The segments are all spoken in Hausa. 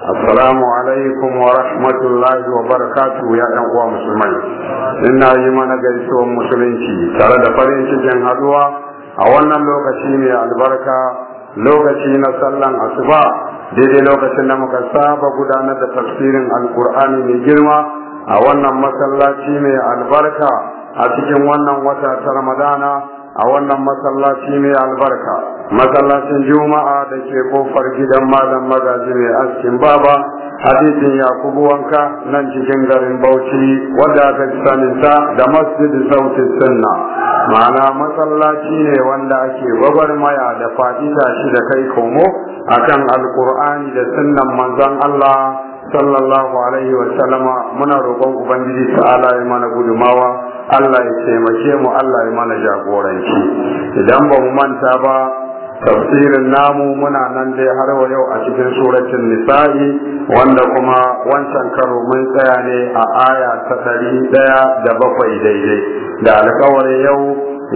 Assalamu alaikum wa rahmatullahi wa barakatu ya ‘yan uwa musulmai, ina yi mana gaisuwar musulunci tare da farin cikin haduwa a wannan lokaci ne albarka lokaci na sallan asuba daidai lokacin da muka saba gudanar da tafsirin alkur'ani mai girma a wannan masallaci mai albarka a cikin wannan wata ta ramadana a wannan masallaci mai albarka masallacin juma'a da ke kofar gidan malam magaji mai askin baba hadisin yakubu wanka nan cikin garin bauchi wanda aka da masjid sautin sunna ma'ana masallaci ne wanda ake babar maya da fadita shi da kai komo akan alkur'ani da sunnan manzon allah sallallahu alaihi wasallama muna roƙon ubangiji ta'ala ya mana gudumawa Allah ya taimake mu Allah ya mana jagoranci idan ba mu manta ba tafsirin namu muna nan dai har wa yau a cikin suratul nisa'i wanda kuma wancan karo mun tsaya ne a aya ta ɗari ɗaya da bakwai daidai da alƙawarin yau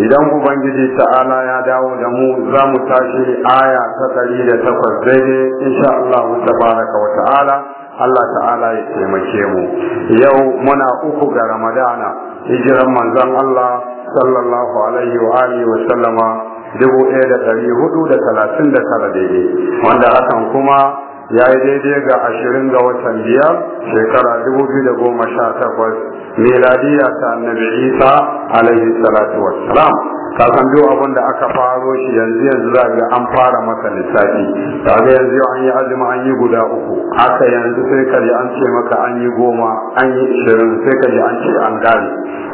idan ubangiji ta'ala ya dawo da mu za mu tashi aya ta ɗari da takwas daidai insha Allah tabaraka wa ta'ala Allah ta'ala ya taimake mu yau muna uku ga ramadana hijiran manzan Allah sallallahu alaihi wa alihi wa sallama dubu ɗaya da ɗari hudu da talatin da tara daidai wanda hakan kuma ya yi daidai ga ashirin ga watan biyar shekara dubu biyu da goma sha takwas miladiya ta annabi isa alaihi salatu wassalam ka san duk abin da aka faro shi yanzu yanzu za ga an fara maka lissafi ga yanzu an yi azumi an yi guda uku haka yanzu sai ka an ce maka an yi goma an yi ishirin sai ka an ce an gane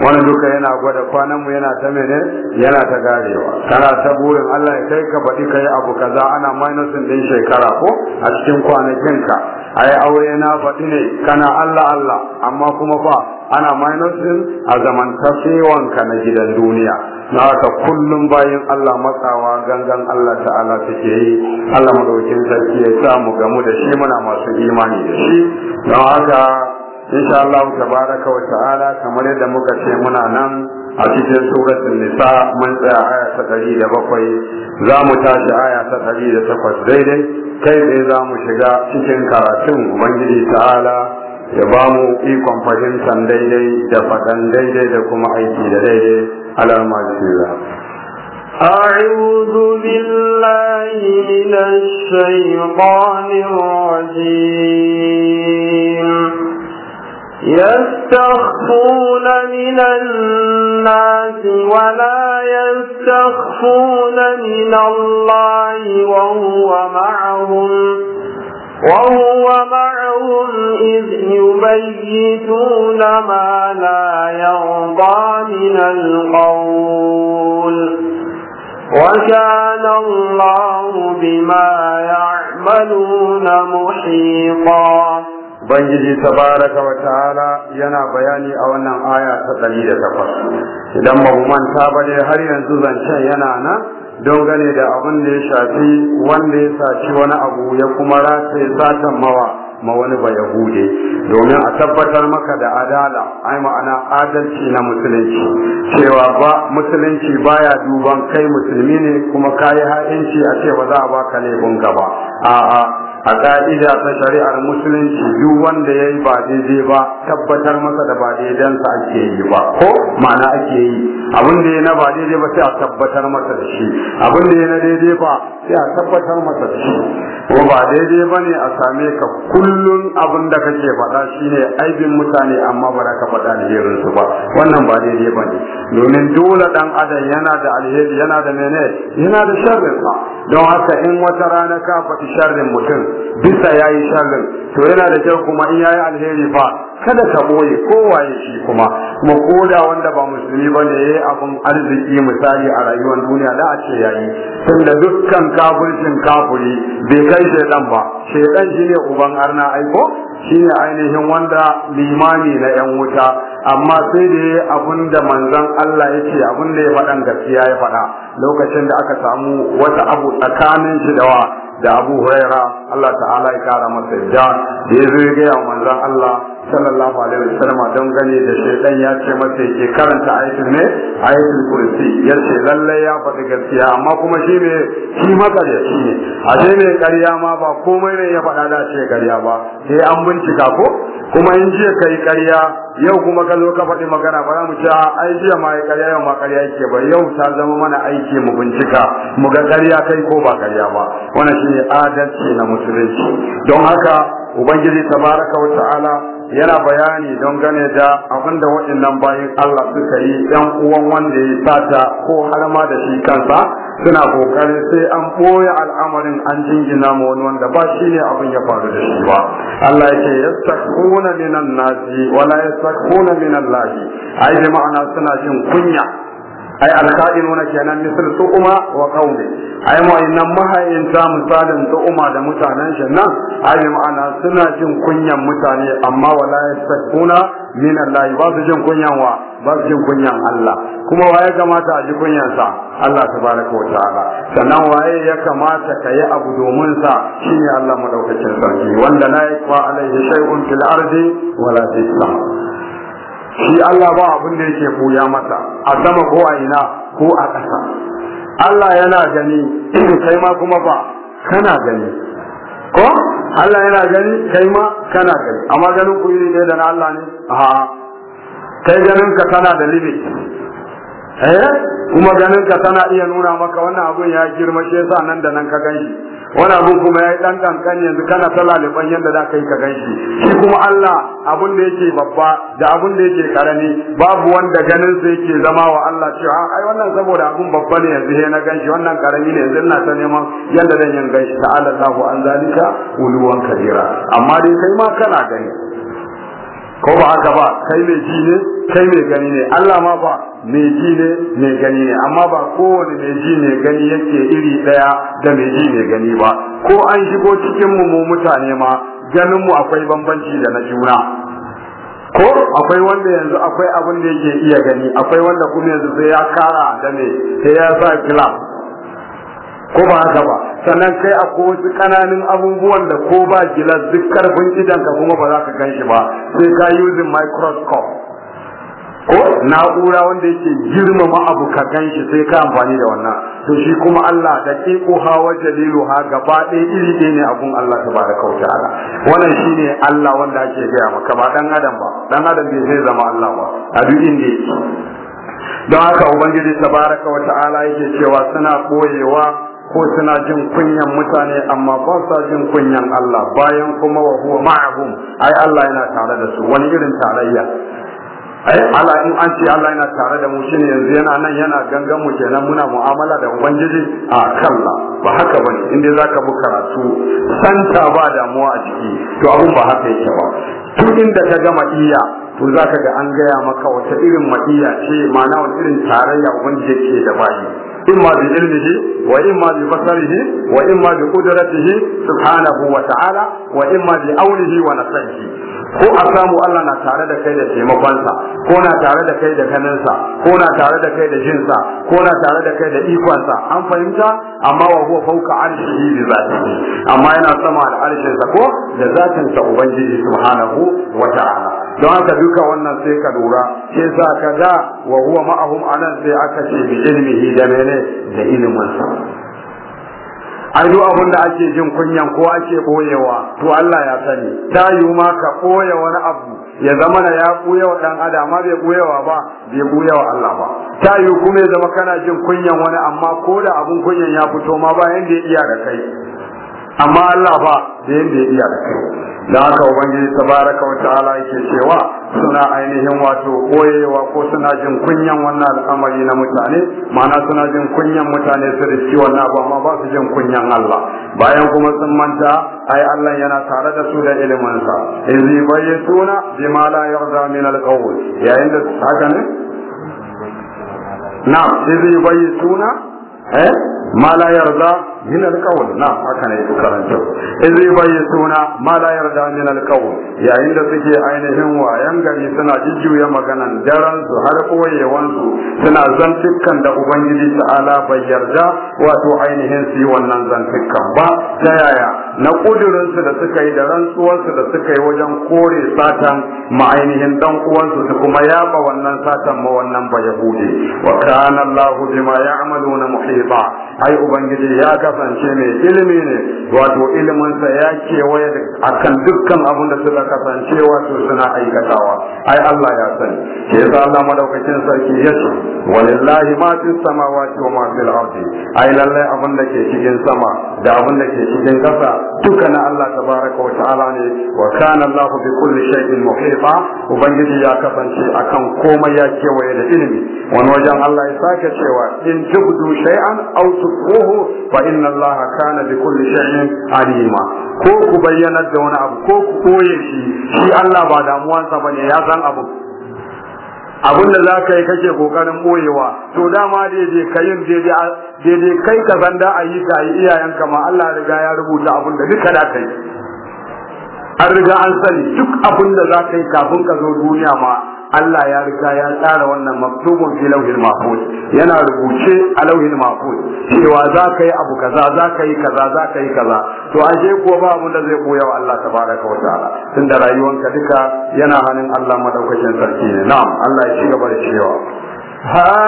Wani duka yana gwada kwanan mu yana ta mene yana ta garewa kana ta burin Allah ya kai ka faɗi kai abu kaza ana minusin din shekara ko a cikin kwanakinka ai aure na faɗi ne kana Allah Allah amma kuma fa ana minusin a ka na gidan duniya na haka kullum bayan Allah matsawa gangan Allah ta'ala take yi Allah madaukin sarki ya sa mu gamu da shi muna masu imani da shi don haka insha Allah tabaraka wa ta'ala kamar yadda muka ce muna nan a cikin suratun nisa mun tsaya aya ta ɗari da bakwai za mu tashi aya ta ɗari da takwas daidai kai ne za mu shiga cikin karatun ubangiji ta'ala ya ba mu ikon fahimtar daidai da faɗan daidai da kuma aiki da daidai alama jira أعوذ بالله من الشيطان الرجيم يستخفون من الناس ولا يستخفون من الله وهو معهم وهو معهم إذ يبيتون ما لا يرضى من القول وكان الله بما يعملون محيطا ubangiji tabaraka wa ta'ala yana bayani a wannan aya ta 108 idan ba idan manta ba ne har yanzu zancen yana nan don gane da abin da ya shafi wanda ya saci wani abu ya kuma rataye satan mawa ma wani ba yahude domin a tabbatar maka da adala ai ma'ana adalci na musulunci cewa ba musulunci baya duban kai musulmi ne kuma kayi ha'inci a ce ba za a baka laifin gaba a'a a ƙa'ida ta shari'ar musulunci duk wanda ya yi ba daidai ba tabbatar masa da ba daidansa ake yi ba ko ma'ana ake yi abin da ya na ba daidai ba sai a tabbatar masa da shi abin da ya na daidai ba sai a tabbatar masa da shi Ko ba daidai ba ne a same ka kullum abin da kake faɗa shine aibin mutane amma ba za ka faɗa alherinsu ba wannan ba daidai ba ne domin dole ɗan adam yana da alheri yana da mene yana da ba. don haka in wata rana ka faɗi sharrin mutum bisa yayi shagal to yana da kyau kuma in yayi alheri fa kada ka boye kowaye shi kuma kuma koda wanda ba musulmi ba ne yayi abin arziki misali a rayuwar duniya da a ce yayi tunda dukkan kafircin kafiri bai kai shaidan ba shaidan shine uban arna aiko Shi ne ainihin wanda limani na yan wuta amma sai da yi abin da manzan Allah ya ce abin da ya faɗan gaskiya ya faɗa lokacin da aka samu wata abu tsakanin shi da wa da Abu Huraira Allah ta'ala ya kara masa yadda da ya zo ya wa manzan Allah sallallahu alaihi wasallam don gane da shaidan ya ce masa yake karanta ayatul ne ayatul kursi ya ce lalle ya faɗi gaskiya amma kuma shi ne shi shi ne a dai ne ƙarya ma ba komai ne ya faɗa da ce ƙarya ba sai an bincika ko kuma in jiya kai ƙarya yau kuma ka zo ka faɗi magana ba za mu ce ai jiya ma ya ƙarya yau ma ƙarya yake ba yau ta zama mana aiki mu bincika mu ga ƙarya kai ko ba ƙarya ba wannan shine adalci na musulunci don haka ubangiji tabaraka wa ta'ala yana bayani don gane da abinda waɗannan bayan Allah suka yi ɗan uwan wanda ya sata ko har ma da shi kansa suna kokari sai an ɓoye al'amarin an jingina ma wani wanda ba shi ne abin ya faru da shi ba Allah yake yastakuna minan nasi wala yastakuna minan lahi ai ma'ana suna jin kunya ai alka'inuna kenan misal tu'uma wa qaumi ai mu mahayin ta misalin tu'uma da mutanen shi nan ai ma'ana suna jin kunyan mutane amma wala yastakuna min Allah ba su jin kunyan wa ba su jin kunyan Allah kuma waye kamata a ji kunyan sa Allah tabaraka wa ta'ala sannan waye ya kamata ka yi abu domin sa shine Allah madaukakin sarki wanda la yaqwa alaihi shay'un fil ardi wala fis sama shi Allah ba abin da yake koya masa a sama ko a ina ko a ƙasa Allah yana gani kai ma kuma ba kana gani ko Allah yana gani kai ma kana gani amma ganin ku iri ne da na Allah ne a kai ganin ka kana da limit Eh? kuma ganin ka tana iya nuna maka wannan abun ya girma shi yasa nan da nan ka ganshi wani abun kuma ya yi dan kankan yanzu kana ta laliban yadda za ka yi ka ganshi shi kuma Allah abun da yake babba da abun da yake karami babu wanda ganin sa yake zama wa Allah cewa ah, ai wannan saboda abun babba ne yanzu he na ganshi wannan karami ne yanzu ina ta neman yadda zan yin ganshi ta'ala Allahu an zalika uluwan kabira amma dai kai ma kana gani ko ba haka ba kai mai ji ne kai mai gani ne Allah ma ba mai ji ne mai gani ne amma ba kowane mai ji mai gani yake iri daya da mai ji mai gani ba ko an shigo cikin mu mutane ma ganin mu akwai bambanci da na juna ko akwai wanda yanzu akwai abin da yake iya gani akwai wanda kuma yanzu sai ya kara da ne sai ya sa glass ko ba haka ba sannan sai akwai wasu kananun abubuwan da ko ba gilas duk karfin ka kuma ba za ka gan shi ba sai ka using microscope ko na'ura wanda yake girmama abu ka gan shi sai ka amfani da wannan to shi kuma Allah da ke ha wa jalilu ha gaba ɗaya iri ɗaya ne abun Allah tabaraka wa ta'ala wannan shine Allah wanda ake gaya maka ba dan adam ba dan adam bai zai zama Allah ba a duk inda yake don haka ubangiji tabaraka wa ta'ala yake cewa suna ɓoyewa. ko suna jin kunyan mutane amma ba sa jin kunyan Allah bayan kuma wa huwa ma'ahum ai Allah yana tare da su wani irin tarayya ai Allah in an ce Allah yana tare da mu shine yanzu yana nan yana gangan mu kenan muna mu'amala da ubangiji a kalla ba haka bane inda zaka bi karatu santa ba damuwa a ciki to abun ba haka yake ba tun inda ka gama iya to zaka ga an gaya maka wata irin ma'iya ce ma'ana wani irin tarayya ubangiji yake da bayi إما بعلمه وإما ببصره وإما بقدرته سبحانه وتعالى وإما بأوله ونصره ko a samu Allah na tare da kai da taimakonsa ko na tare da kai da ganinsa ko na tare da kai da jinsa ko na tare da kai da ikonsa an fahimta amma wa huwa fauka arshihi bi zatihi amma yana sama da arshinsa ko da zatinsa ubangiji subhanahu wa ta'ala don haka duka wannan sai ka lura ke sa kaza wa huwa ma'ahum anan sai aka ce bi ilmihi da mene da ilimin sa ai duk abin da ake jin kunyan ko ake boyewa to Allah ya sani ta yi ma ka wani abu ya zama na ya buya wa dan adam amma bai buyawa ba bai buya Allah ba ta yi kuma ya zama kana jin kunyan wani amma ko da abun kunyan ya fito ma ba yanda ya iya da kai amma Allah ba da yanda ya iya da kai da haka ubangiji tabaraka wa ta'ala yake cewa suna ainihin wato koyewa ko suna jin kunyan wannan al'amari na mutane ma'ana suna jin kunyan mutane su riski wannan abu amma ba su jin kunyan Allah bayan kuma sun manta ai Allah yana tare da su da ilimin sa in zai bayyana bima la yarda min al-qawl yayin da haka ne na zai bayyana eh ma la yarda min na haka ne su karanta in zai bayyana ma la yarda min alqawl yayin da suke ainihin wayan gari suna jujjuya maganan daren su har koyewan suna zantukan da ubangiji Ala bai yarda wato ainihin su wannan zantukan ba ta yaya na kudurinsu da suka yi da rantsuwarsu da suka yi wajen kore satan ma'ainihin dan uwansu su kuma yaba wannan satan ma wannan ba yahudi wa kana Allahu bima ya'maluna muhita ai ubangiji ya kasance mai ilimi ne wato iliminsa ya kewaye akan dukkan abin da suka kasance wato suna aikatawa ai Allah ya sani ke yasa Allah madaukakin sarki ya ce walillahi ma fi samawati wa ma fil ardi ai lallai abin da ke cikin sama da abin da ke cikin kasa duka na Allah tabaraka wa ta'ala ne wa kana Allah bi kulli shay'in muhita ubangiji ya kasance akan komai ya kewaye da ilimi wani wajen Allah ya sake cewa in tubdu shay'an aw tukhuhu fa inna Allah kana bi kulli shay'in alima ko ku bayyana da wani abu ko ku koye shi shi Allah ba damuwansa bane ya san abu Abun da za ka yi kake kokarin boyewa to dama daidai ka yin daidai kai ka sanda a yi ka yi iyayenka ma Allah riga ya rubuta abin da duka da kai an riga an sani duk abin da za ka yi kafin ka zo duniya ma Allah ya riga ya tsara wannan maktubun fi lauhin mahfuz yana rubuce a lauhin mahfuz cewa za ka yi abu kaza za ka yi kaza za ka yi kaza to ashe ko ba abun da zai koya wa Allah tabaraka wa ta'ala tunda rayuwanka duka yana hannun Allah madaukakin sarki ne na'am Allah ya ci gaba da cewa ha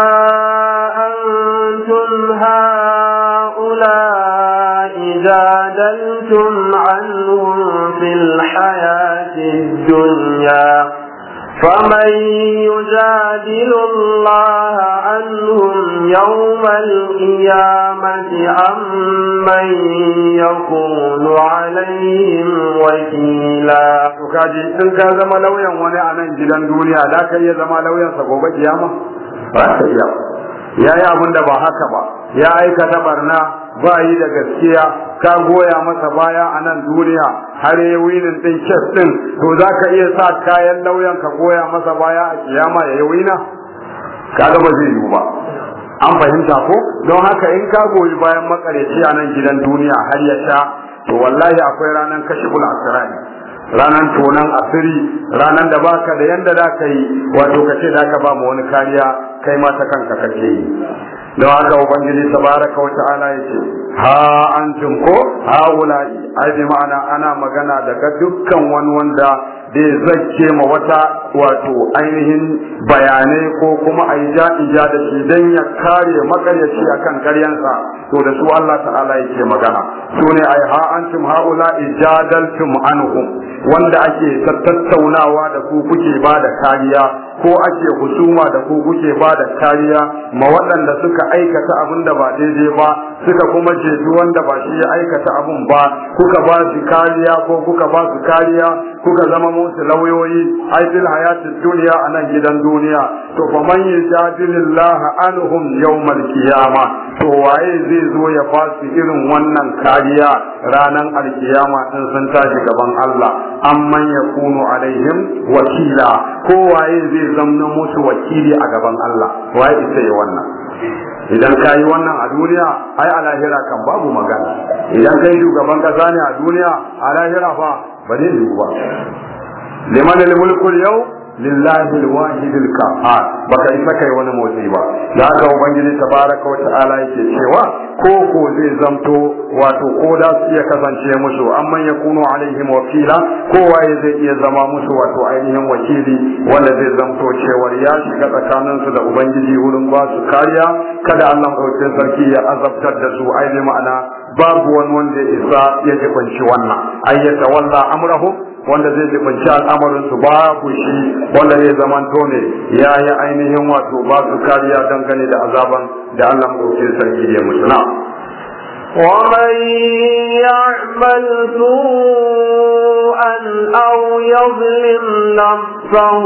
antum هؤلاء جادلتم عنهم في الحياة الدنيا فمن يجادل الله عنهم يوم القيامة أم من يكون عليهم وكيلا kaji in ka zama lauyan wani a nan gidan duniya da ka iya zama lauyan gobe kiyama ba ka abin da ba haka ba ya aikata barna ba yi da gaskiya ka goya masa baya a nan duniya har yi winin ɗin kes ɗin to za ka iya sa kayan lauyan ka goya masa baya a kiyama ya yi wina kaga ba zai yi ba an fahimta ko don haka in ka goyi bayan makareci a nan gidan duniya har ya sha to wallahi akwai ranar kashiful asirani ranar tonan asiri ranar da baka da yanda da ka yi wato ka ce da ka ba mu wani kariya kai ma ta kanka kake yi don haka ubangiji tabaraka wa ta'ala yace ha an ko ha wulai ai ma'ana ana magana daga dukkan wani wanda da zakke ma wata wato ainihin bayanai ko kuma ai ja ija da shi dan ya kare makaryaci akan karyansa to da su Allah ta'ala yake magana su ne ai ha antum ha ulai jadaltum anhum wanda ake tattaunawa da ku kuke ba da kariya ko ake husuma da ku kuke ba da kariya ma waɗanda suka aikata abin da ba daidai ba suka kuma jefi wanda ba shi ya aikata abin ba kuka ba su kariya ko kuka ba su kariya kuka zama musu lauyoyi ai hayati duniya a nan gidan duniya to fa man yajadillaha anhum yawmal qiyama to waye zai zo ya ba irin wannan kariya ranan alkiyama din sun tashi gaban Allah amman yakunu alaihim wakila ko waye zai na musu wakili a gaban Allah ya ita yi wannan idan ka yi wannan a duniya ai a lahira kan babu magana idan kai shugaban kasa ne a duniya a lahira fa ba zai yiwu ba liman al-mulku yau lillahi alwahid alqahar baka isa kai wani motsi ba da haka ubangiji tabaraka wa ta'ala yake cewa ko ko zai zamto wato ko da su iya kasance musu amma ya kuno alaihim wakila ko waye zai iya zama musu wato ainihin wakili wanda zai zamto cewar ya shiga tsakaninsu da ubangiji wurin ba su kariya kada Allah ɗauke sarki ya azabtar da su ainihin ma'ana babu wani wanda ya isa ya ji kwanci wannan ayyata walla amrahu wanda zai jibanci al'amarin su babu shi wanda zai zaman ne ya yi ainihin wato ba su kariya dangane da azaban da Allah mu sarki da mutuna ومن يعمل سوءا أو يظلم نفسه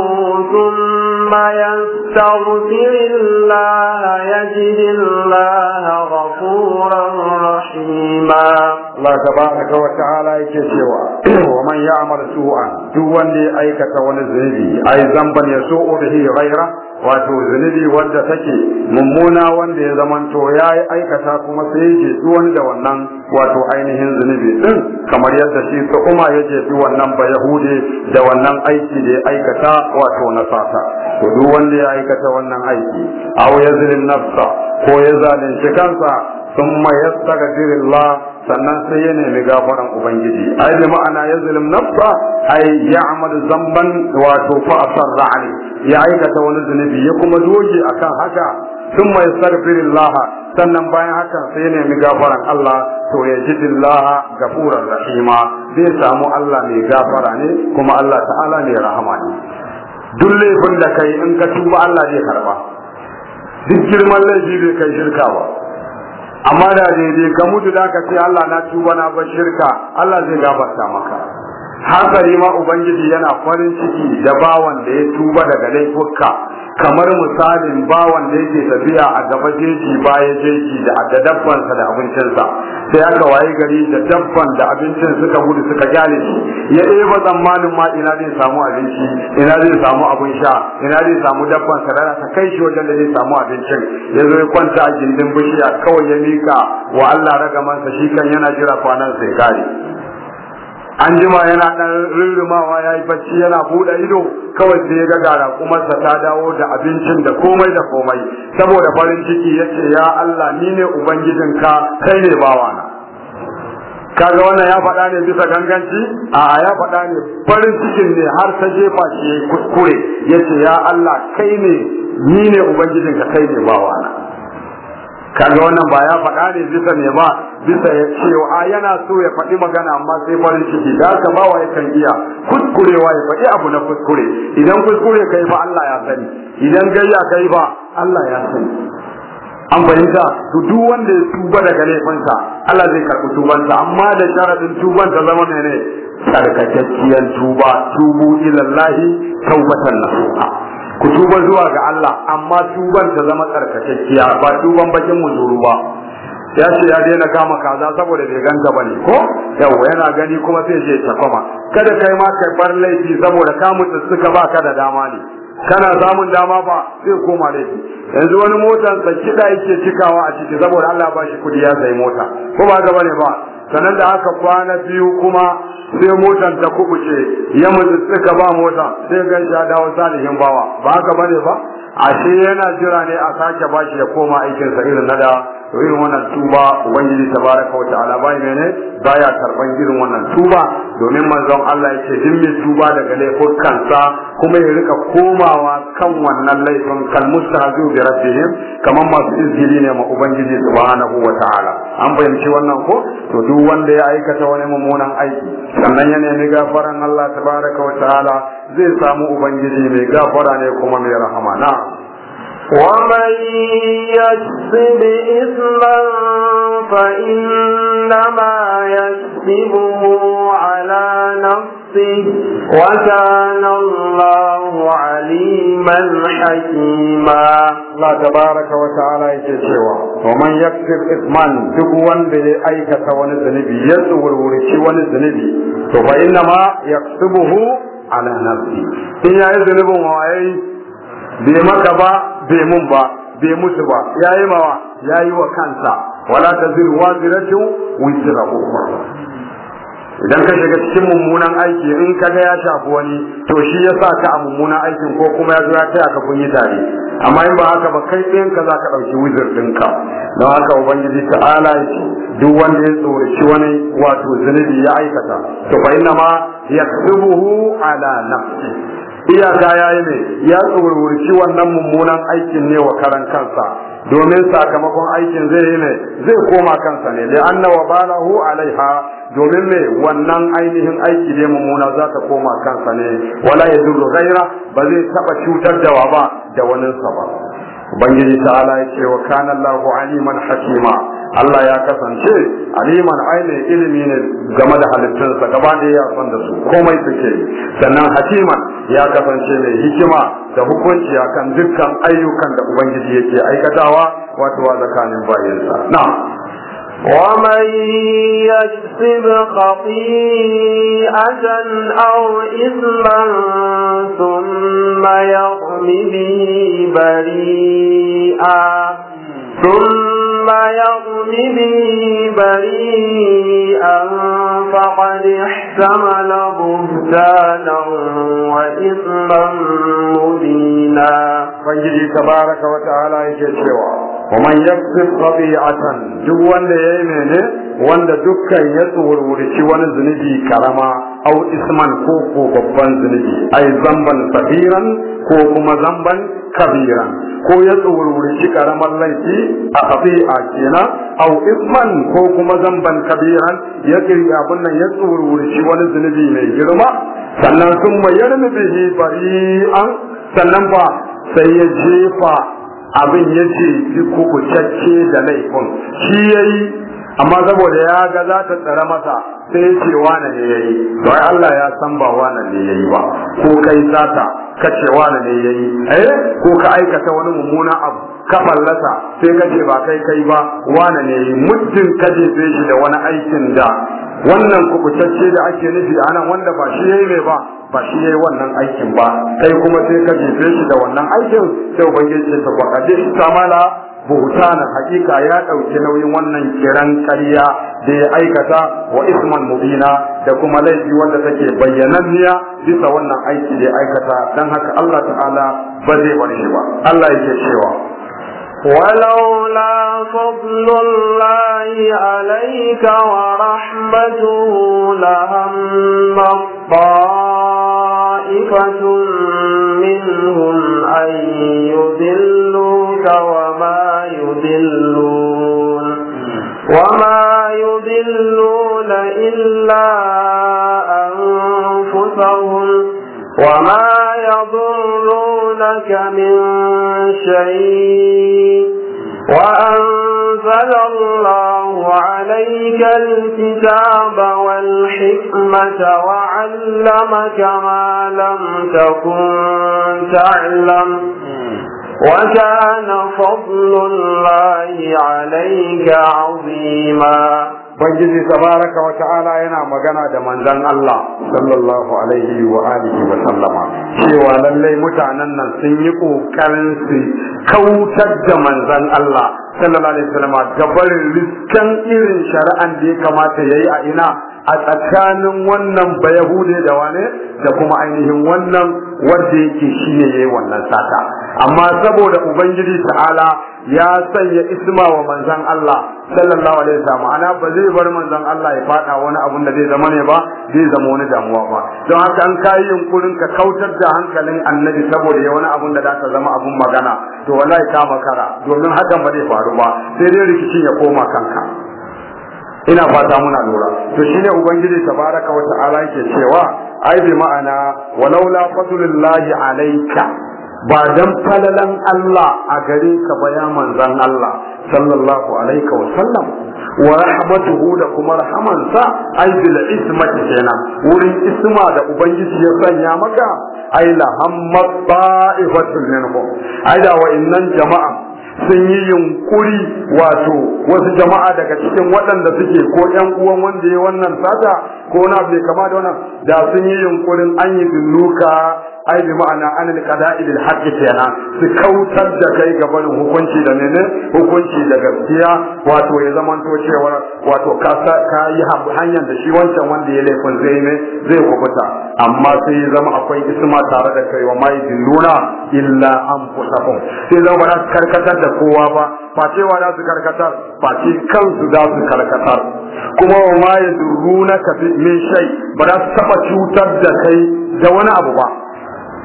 ثم يستغفر الله يجد الله غفورا رحيما الله تبارك وتعالى يكسوا ومن يعمل سوءا دون لأيكة ونزهدي أي ذنبا يسوء به غيره wato zunubi wanda take mummuna wanda ya zamanto ya yi aikata kuma sai ya jefi da wannan wato ainihin zunubi din kamar yadda shi ta kuma ya jefi wannan ba yahudi da wannan aiki da ya aikata wato na sata to duk wanda ya aikata wannan aiki ya yazlim nafsa ko ya zalunci kansa sun thumma yastaghfirullah sannan sai ya nemi gafaran ubangiji ai ma'ana ya zulum nafsa ai ya ya'mal zamban wato fa ra'ani. ya aikata wani zunubi ya kuma doge akan haka sun mai sarfirin laha sannan bayan haka sai nemi gafaran Allah to ya ji billaha gafuran rahima zai samu Allah mai gafara ne kuma Allah ta'ala mai rahama ne duk laifin da kai in ka tuba Allah zai karba duk girman laifi bai kai shirka ba amma da daidai ka mutu da ka ce Allah na tuba na bar shirka Allah zai gafarta maka hasari ma ubangiji yana farin ciki da bawan da ya tuba daga laifuka kamar misalin bawan da yake tafiya a gaba jeji baya jeji da dabbansa da abincinsa sai aka waye gari da dabban da abincin suka gudu suka gyale shi ya ba tsammanin ma ina zai samu abinci ina zai samu abin sha ina zai samu dabban sa rana ta kai shi wajen da zai samu abincin ya zo ya kwanta a gindin bishiya kawai ya mika wa Allah ragamansa shi kan yana jira kwanan sai kare an jima yana ɗan rurrumawa ya yi bacci yana buɗe ido kawai sai ya ga gara kuma sa ta dawo da abincin da komai da komai saboda farin ciki ya ce ya Allah ni ne ubangijinka kai ne bawana kaga wannan ya faɗa ne bisa ganganci a ya faɗa ne farin cikin ne har ta jefa shi kuskure ya ce ya Allah kai ne ni ne ubangijinka kai ne bawana kaga wannan ba ya faɗa ne bisa ne ba bisa ya wa? a yana so ya faɗi magana amma sai farin ciki da haka bawa wa yakan iya kuskurewa ya faɗi abu na kuskure idan kuskure kai fa Allah ya sani idan gayya kai fa Allah ya sani an fahimta to duk wanda ya tuba daga laifinsa Allah zai karɓi tubansa amma da sharadin tuban zama ne ne tsarkakakkiyar tuba tubu ilallahi tawbatan nasuha ku tuba zuwa ga Allah amma tuban ta zama tsarkakakkiya ba tuban bakin zuru ba ya ce ya daina kama kaza saboda bai ganta bane ko yau yana gani kuma sai je ta kuma kada kai ma kai bar laifi saboda ka mutu suka baka da dama ne kana samun dama ba sai koma laifi yanzu wani motar sa kida yake cikawa a ciki saboda Allah ba shi kudi ya sai mota ko ba ga bane ba sanan da aka kwana biyu kuma sai motar ta kubuce ya mutu suka ba mota sai ganta sha dawo salihin bawa ba haka bane ba ashe yana jira ne a sake bashi ya koma aikin sa irin nada to irin wannan tuba ubangiji tabaraka wa ta'ala bai mene baya karban irin wannan tuba domin manzon Allah yake dimmi tuba daga laifukansa kuma ya rika komawa kan wannan laifin kal mustahazu bi rabbihim kaman masu izgili ne ma ubangiji subhanahu wa ta'ala an fahimci wannan ko to duk wanda ya aikata wani mummunan aiki sannan ya nemi gafaran Allah tabaraka wa ta'ala zai samu ubangiji mai gafara ne kuma mai rahama na ومن يكسب إثما فإنما يكسبه على نفسه وكان الله عليما حكيما الله تبارك وتعالى يتشوى ومن يكسب إثما تقوان بأيكة ونزنبي يزور ورشي ونزنبي فإنما يكسبه ala nafsi in yi zunubin yi bai maka ba bai mun ba bai mutu ba ya yi mawa yi wa kansa wala wa ziratu wizra ukhra idan ka shiga cikin mummunan aiki in ka ga ya shafi wani to shi ya sa ka a mummunan aikin ko kuma ya zo ya taya ka kun yi tare amma in ba haka ba kai ɗayan ka za ka ɗauki wizir ɗinka don haka ubangiji ta'ala ya ce duk wanda ya tsoraci wani wato zunubi ya aikata to fa inna ma kubuhu ala nafsi iyaka yayi ne ya tsoraci wannan mummunan aikin ne wa karan kansa domin sakamakon aikin zai yi ne zai koma kansa ne da annawa balahu alaiha domin me wannan ainihin aiki ne mummuna za ta koma kansa ne wala ya zurru gaira ba zai taba cutar da wa ba da waninsa ba ubangiji ta'ala ya ce wa kana Allahu aliman hakima Allah ya kasance aliman ainihin ilimi ne game da halittunsa gaba da ya san da su komai suke sannan al-hakima ya kasance mai hikima da hukunci akan dukkan ayyukan da ubangiji yake aikatawa wato wa tsakanin bayansa na'am ومن يكسب خطيئة أو إثما ثم يرم به بريئا ثم يرم به بريئا فقد احتمل بهتانا وإثما مبينا. تبارك وتعالى يجزي wa man yaqsil qadi'atan duk wanda yayi mene wanda dukkan ya tsurwurci wani zunubi karama au isman ko ko babban zunubi ai zamban sabiran ko kuma zamban kabiran ko ya tsurwurci karamar laifi a qadi'a kenan au isman ko kuma zamban kabiran ya kiri abin nan ya tsurwurci wani zunubi mai girma sannan sun mayar bihi bari'an sannan ba sai ya jefa abin ya ce ji kubutacce da laifin shi ya yi amma saboda ya ga za ta tsara masa sai ce wane ne ya yi wai Allah ya san ba wane ne ya yi ba ko kai sata ka ce wane ne ya yi Ayi, eh, ko ka aikata wani mummuna abu ka fallasa sai ka ce ba kai kai ba wane ne ya yi muddin ka je shi da wani aikin da wannan kubutacce da ake nufi anan wanda ba shi yayi ne ba ba shi yayi wannan aikin ba kai kuma sai ka jefe shi da wannan aikin sai ubangiji ya tabbata shi samala buhutanan hakika ya ɗauki nauyin wannan kiran ƙarya da ya aikata wa isman mubina da kuma laifi wanda take bayyananniya bisa wannan aiki da ya aikata don haka Allah ta'ala ba zai bar shi ba Allah yake cewa ولولا فضل الله عليك ورحمته لهم طائفة منهم أن يذلوك وما يذلون وما يذلون إلا أنفسهم وما يضرونك من شيء وأنزل الله عليك الكتاب والحكمة وعلمك ما لم تكن تعلم وكان فضل الله عليك عظيما ubangiji tabaraka wa ta'ala yana magana da manzon Allah sallallahu alaihi wa alihi wa sallama cewa lallai mutanen nan sun yi kokarin su kautar da manzon Allah sallallahu alaihi wa sallama gabarin riskan irin shari'an da ya kamata yayi a ina a tsakanin wannan bayahude da wane da kuma ainihin wannan wanda yake shi ne yayi wannan sata amma saboda ubangiji ta'ala ya sanya isma wa manzon Allah sallallahu alaihi wasallam ana ba zai bar manzon Allah ya fada wani abun da zai zama ne ba zai zama wani damuwa ba don haka an kai yunkurin ka kautar da hankalin annabi saboda ya wani abun da za ta zama abun magana to wallahi ka makara domin hakan ba zai faru ba sai dai rikicin ya koma kanka ina fata muna lura to shine ubangiji tabaraka wa ta'ala yake cewa ai bi ma'ana walaula fadlullahi alayka ba dan falalan Allah a gare ka ba ya manzon Allah sallallahu alayka wa sallam wa rahmatuhu da kuma rahamansa ai bil ismati kenan wurin isma da ubangiji ya sanya maka ai la hamma ba'ifatun minhum ai da wa innan jama'a sun yi yunkuri wato wasu jama'a daga cikin waɗanda suke ko ƴan uwan wanda ya wannan sata ko na bai kama da wannan da sun yi yunkurin an yi ai bi ma'ana an alqada'i lil haqqi kenan su kautar da kai gaban hukunci da nene, hukunci da gaskiya wato ya zamanto cewa wato ka ka yi hanyar da shi wancan wanda ya laifin zai ne zai kubuta amma sai zama akwai isma tare da kai wa mai dilluna illa an fusahum sai zama ba karkatar da kowa ba ba cewa za su karkatar ba ce kansu za su karkatar kuma wa ma yadurruna ka min shai ba za su taɓa cutar da kai da wani abu ba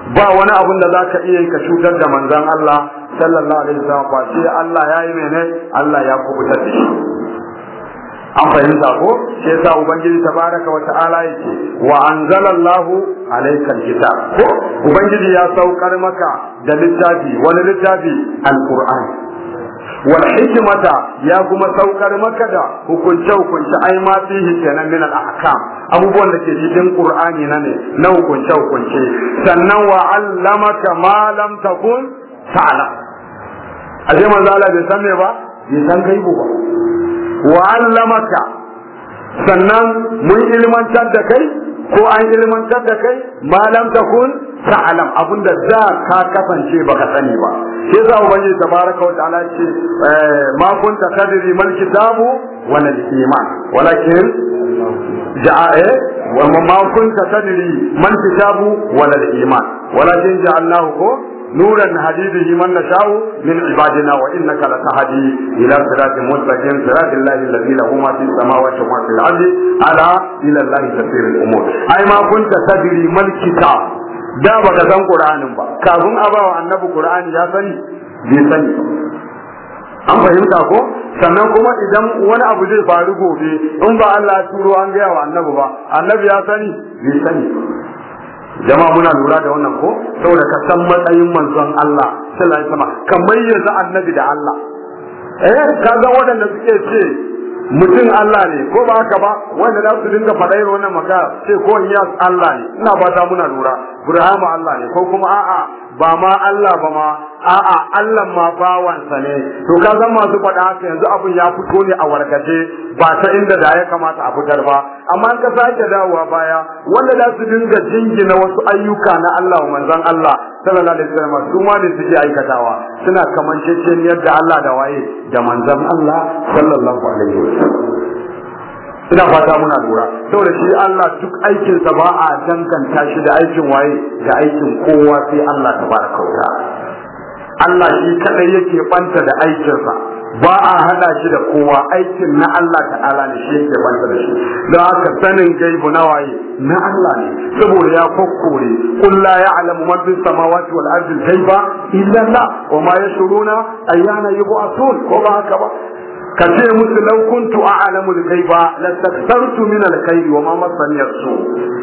ba wani abun da zaka iya yi ka cutar da manzon Allah sallallahu alaihi wasallam ba sai Allah ya yi mene Allah ya kubuta shi an fahimta ko sai sa ubangiji tabaraka wa ta'ala yake wa anzalallahu alaykal kitab ko ubangiji ya saukar maka da littafi wani littafi alquran wal hikmata ya kuma saukar maka da hukunce hukunce ai ma fi kenan min al ahkam abubuwan da ke cikin qur'ani na ne na hukunce hukunce sannan wa allamaka ma lam takun ta'lam aje manzo Allah bai san ne ba bai san kai ba wa allamaka sannan mun ilmantar da kai ko an ilmantar da kai malam ta takun ta'lam abinda za ka kasance baka sani ba sai za ku ubangiji tabaraka wa ta'ala ce eh, ma ta tadri mal kitabu wala iman walakin ja'a eh, wa ma kunta tadri mal kitabu wala iman walakin ja'alnahu ko nuran hadidihi man nasha'u min ibadina wa innaka latahdi ila siratin mustaqim siratil lahi alladhi lahu ma fis samawati wa fil ardi ala ila allahi tasirul umur ai ma kunta tadri mal kitab da baka san qur'anin ba kafin a bawa annabi qur'ani ya sani bai sani an fahimta ko sannan kuma idan wani abu zai faru gobe in ba Allah ya turo an gaya wa annabi ba annabi ya sani bai sani Zama muna lura da wannan ko saboda ka san matsayin manzon Allah sallallahu alaihi wasallam kamar yanzu annabi da Allah eh kaga waɗanda suke ce mutum Allah ne ko ba haka ba wanda za su dinga faɗa irin wannan magana sai ko ya Allah ne ina ba za muna lura Ibrahim Allah ne ko kuma a'a ba ma Allah ba ma a'a Allah ma bawansa ne to ka zan masu faɗa haka yanzu abin ya fito ne a wargaje ba ta inda da ya kamata a fitar ba amma ka sake dawowa baya wanda za su dinga jingina wasu ayyuka na Allah wa manzon Allah sallallahu alaihi wasallam su da suke aikatawa suna kamanceccen yadda Allah da waye da manzon Allah sallallahu alaihi wasallam ina fata muna lura saboda shi Allah duk aikinsa ba a danganta shi da aikin waye da aikin kowa sai Allah tabaraka wa ta'ala Allah shi kadai yake banta da aikinsa ba a hada shi da kowa aikin na Allah ta'ala ne shi yake banta da shi don haka sanin gaibu na waye na Allah ne saboda ya kokkore qul la ya'lamu man fi samawati wal ardi ghaiba illa Allah wa ma yashuruna ayyana yub'athun ko ba haka ba ka ce musu lau kuntu a'lamu al-ghaiba lastaktartu min al-khair wa ma masani yasu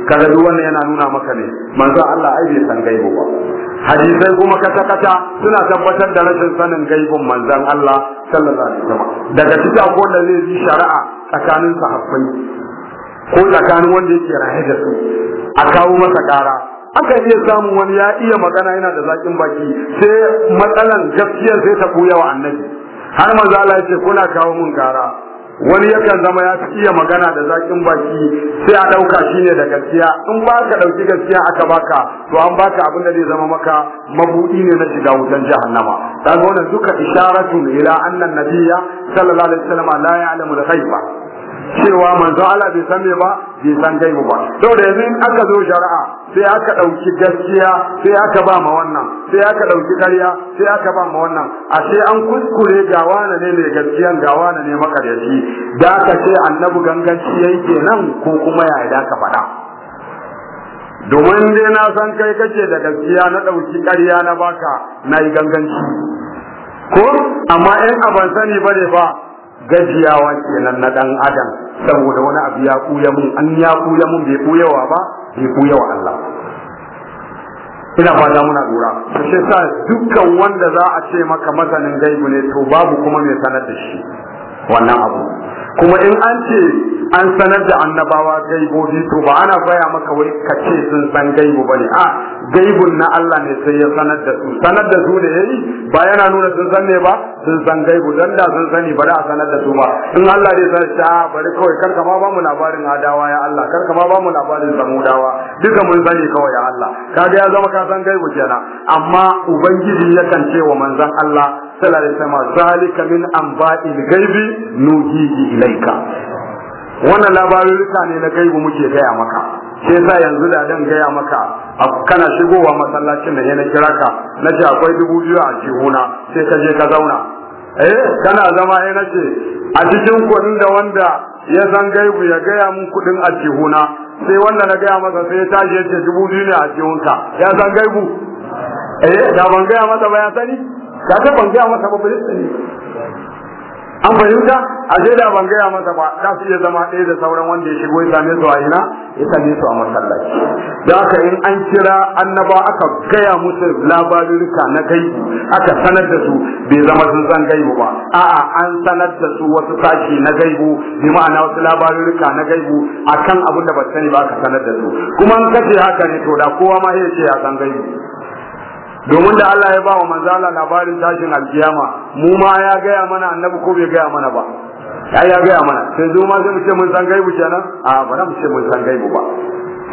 kaga duk yana nuna maka ne manzo Allah ai bai san gaibu ba hadisai kuma kata kata suna tabbatar da rashin sanin gaibin manzan Allah sallallahu alaihi wasallam daga cikin akwai da zai yi shari'a tsakanin sahabbai ko tsakanin wanda yake rahe da su a kawo masa ƙara aka iya samun wani ya iya magana yana da zaƙin baki sai matsalan gaskiyar sai ta buya wa annabi har maza Allah ya ce kuna kawo mun ƙara wani yakan zama ya iya magana da zakin baki sai a ɗauka shi ne da gaskiya in ba ka ɗauki gaskiya aka baka to an baka abin da zai zama maka mabuɗi ne na shiga wutan jahannama ta wannan duka isharatu ila annan nabiyya sallallahu alaihi wasallam la ya'lamu al-ghaiba cewa manzo Allah bai san me ba bai san gaibu ba saboda yanzu in aka zo shari'a sai aka dauki gaskiya sai aka ba ma wannan sai aka dauki ƙarya sai aka ba ma wannan ashe an kuskure ga wani ne mai gaskiyan ga wani ne makaryaci da aka ce annabi ganganci yayi kenan ko kuma ya da ka faɗa domin dai na san kai kake da gaskiya na dauki ƙarya na baka na yi ganganci ko amma in a ban sani bane ba gajiyawa kenan na dan adam saboda wani abu ya kuya mun an ya kuya mun bai kuyawa ba bai kuyawa Allah ina fata muna lura to sai sa dukkan wanda za a ce maka masanin gaibu ne to babu kuma mai sanar da shi wannan abu kuma in an ce an sanar da annabawa gaibobi to ba ana baya maka wai ka ce sun san gaibu bane a gaibun na Allah ne sai ya sanar da su sanar da su da yayi ba yana nuna sun san ne ba sun san gaibu dan da sun sani ba da a sanar da su ba in Allah zai sanar ta ah, bari kawai kar ka ma ba mu labarin adawa ya Allah kar ka ma ba mu labarin samudawa duka mun sani kawai ya Allah kaga ya zama ka san gaibu kenan amma ubangiji yakan ce wa manzan Allah sallallahu alaihi wasallam zalika min anba'il gaibi nuhihi ilaika wannan labarin ne na gaibu muke gaya maka ke sa yanzu da dan gaya maka kana shigowa masallacin da yana kira ka na ce akwai dubu biyu a jihuna sai ka je ka zauna eh kana zama eh na ce a cikin kuɗin da wanda ya san gaibu ya gaya mun kuɗin a jihuna sai wanda na gaya masa sai ya tashi ya ce dubu biyu ne a jihunka ya san gaibu eh da ban gaya masa ba ya sani ka ga ban gaya masa ba ba ne an fahimta a da ban gaya masa ba za su iya zama ɗaya da sauran wanda ya shigo ya same su a ina ya same su a masallaci da aka in an kira annaba aka gaya musu labarurka na kai aka sanar da su bai zama sun san gaibu ba a'a an sanar da su wasu sashi na gaibu bi ma'ana wasu labarurka na gaibu akan abin da ba sani ba aka sanar da su kuma an kace haka ne to da kowa ma ya ce ya san gaibu domin da Allah ya ba wa manzala labarin tashin alkiyama mu ma ya gaya mana annabi ko bai gaya mana ba ya ya gaya mana sai zo ma sai mu ce mun san gaibu kenan a ba mu ce mun san gaibu ba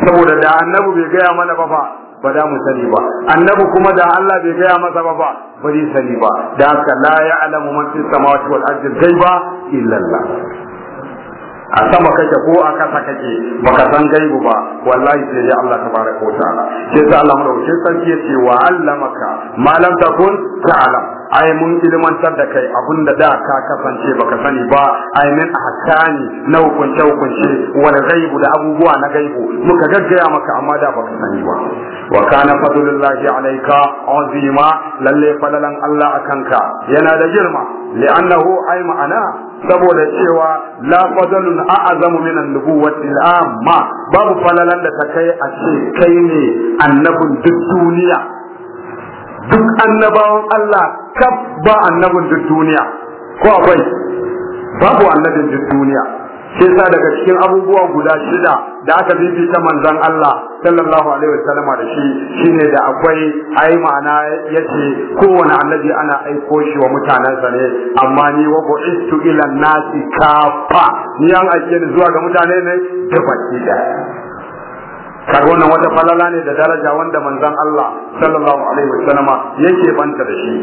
saboda da annabi bai gaya mana ba fa ba da mu sani ba annabi kuma da Allah bai gaya masa ba ba ba zai sani ba da haka la ya'lamu man fi samawati wal ardi ghaiba illa Allah a sama kake ko a kasa kake baka san gaibu ba wallahi sai ya Allah tabaraka wa ta'ala sai sai Allah sarki ya ce wa allamaka ma lam takun ta'lam ai mun ilmantar da kai abinda da ka kasance baka sani ba ai min ahkani na hukunce hukunce wani gaibu da abubuwa na gaibu muka gaggaya maka amma da baka sani ba wa kana fadlullahi alayka azima lalle fadalan Allah akanka yana da girma li'annahu ai ma'ana saboda cewa la fadalun a'zamu min an-nubuwwati amma babu falalan da ta kai a ce kai ne annabin duk duniya duk annabawan Allah kaf ba annabin duk duniya ko akwai babu annabin duk duniya sai sa daga cikin abubuwa guda shida da aka ta manzon Allah sallallahu alaihi wasallama da shi shine da akwai ai ma'ana yace kowane annabi ana aiko shi wa mutanensa ne amma ni wa bu'istu ila nasi kafa ni an aike ni zuwa ga mutane ne da fatida kaga wannan wata falala ne da daraja wanda manzon Allah sallallahu alaihi wasallama yake banta da shi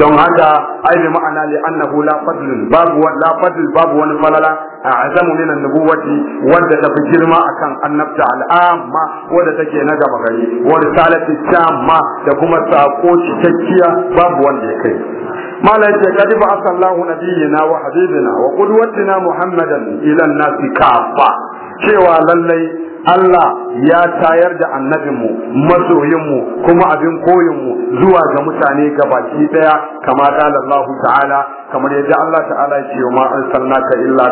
don haka ai bi ma'ana li annahu la fadl babu la fadl babu wani falala a'zamu min an-nubuwati wanda ta fi girma akan annabta al'amma wanda take na gaba gari Wani risalati tamma da kuma sako cikakkiya babu wanda ya kai malam ce kadi ba asallahu nabiyyina wa habibina wa qudwatina muhammadan ila an cewa lallai Allah ya tayar da annabinmu masoyinmu kuma abin koyinmu zuwa ga mutane baki daya kama qala Allah ta'ala kamar yadda Allah ta'ala ce ma ka illa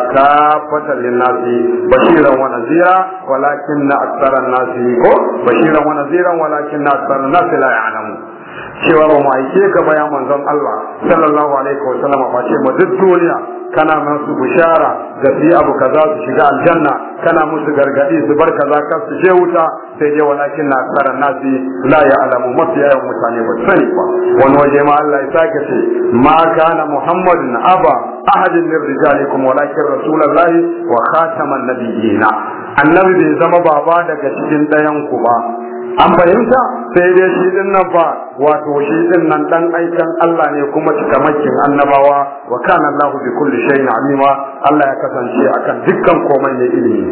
lin nasi bashiran wa nazira walakinna aktharan nasi ko bashiran wa walakin walakinna aktharan nasi la ya'lamu cewa ba mu aike ka ba ya manzon Allah sallallahu alaihi wa sallam ba ce mu duk duniya kana masu bishara da fi abu kaza su shiga aljanna kana musu gargadi su bar kaza kar su je wuta sai dai walakin na tsara nasi la alamu mafi yawan mutane ba sani ba wani waje ma Allah ya sake ce ma kana muhammadun aba ahadin min rijalikum walakin rasulullahi wa khataman nabiyina annabi bai zama baba daga cikin ɗayan ku ba an fahimta sai dai shi din nan fa wato shi din nan dan aikan Allah ne kuma cikamakin annabawa wa kana Allahu bi kulli shay'in alima Allah ya kasance akan dukkan komai ne ilimi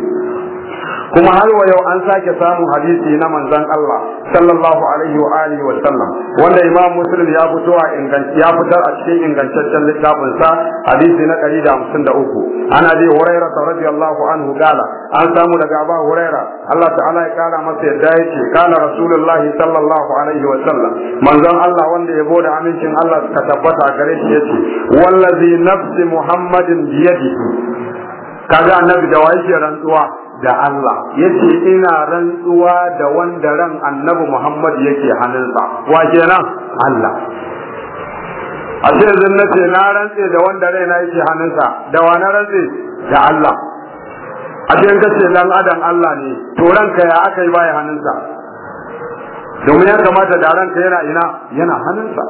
kuma har wa yau an sake samun hadisi na manzon Allah sallallahu alaihi wa alihi wa sallam wanda imam muslim ya fito a inganci ya fitar a cikin ingantaccen littafin sa hadisi na 153 ana bi hurairah radiyallahu anhu kala an samu daga aba hurairah Allah ta'ala ya kara masa yadda yake kana rasulullahi sallallahu alaihi wa sallam manzon Allah wanda ya da amincin Allah ka tabbata gare shi yace wallazi nafsi muhammadin biyadihi kaga annabi da waye ke rantsuwa da Allah yace ina rantsuwa da wanda ran annabi Muhammad yake hannunsa wa kenan Allah a ce zan nace na rantse da wanda na yake hannunsa da wa na rantsi? da Allah a ce ka ce dan adam Allah ne to ranka ya akai baya hannunsa domin ya kamata da ranka yana ina yana hannunsa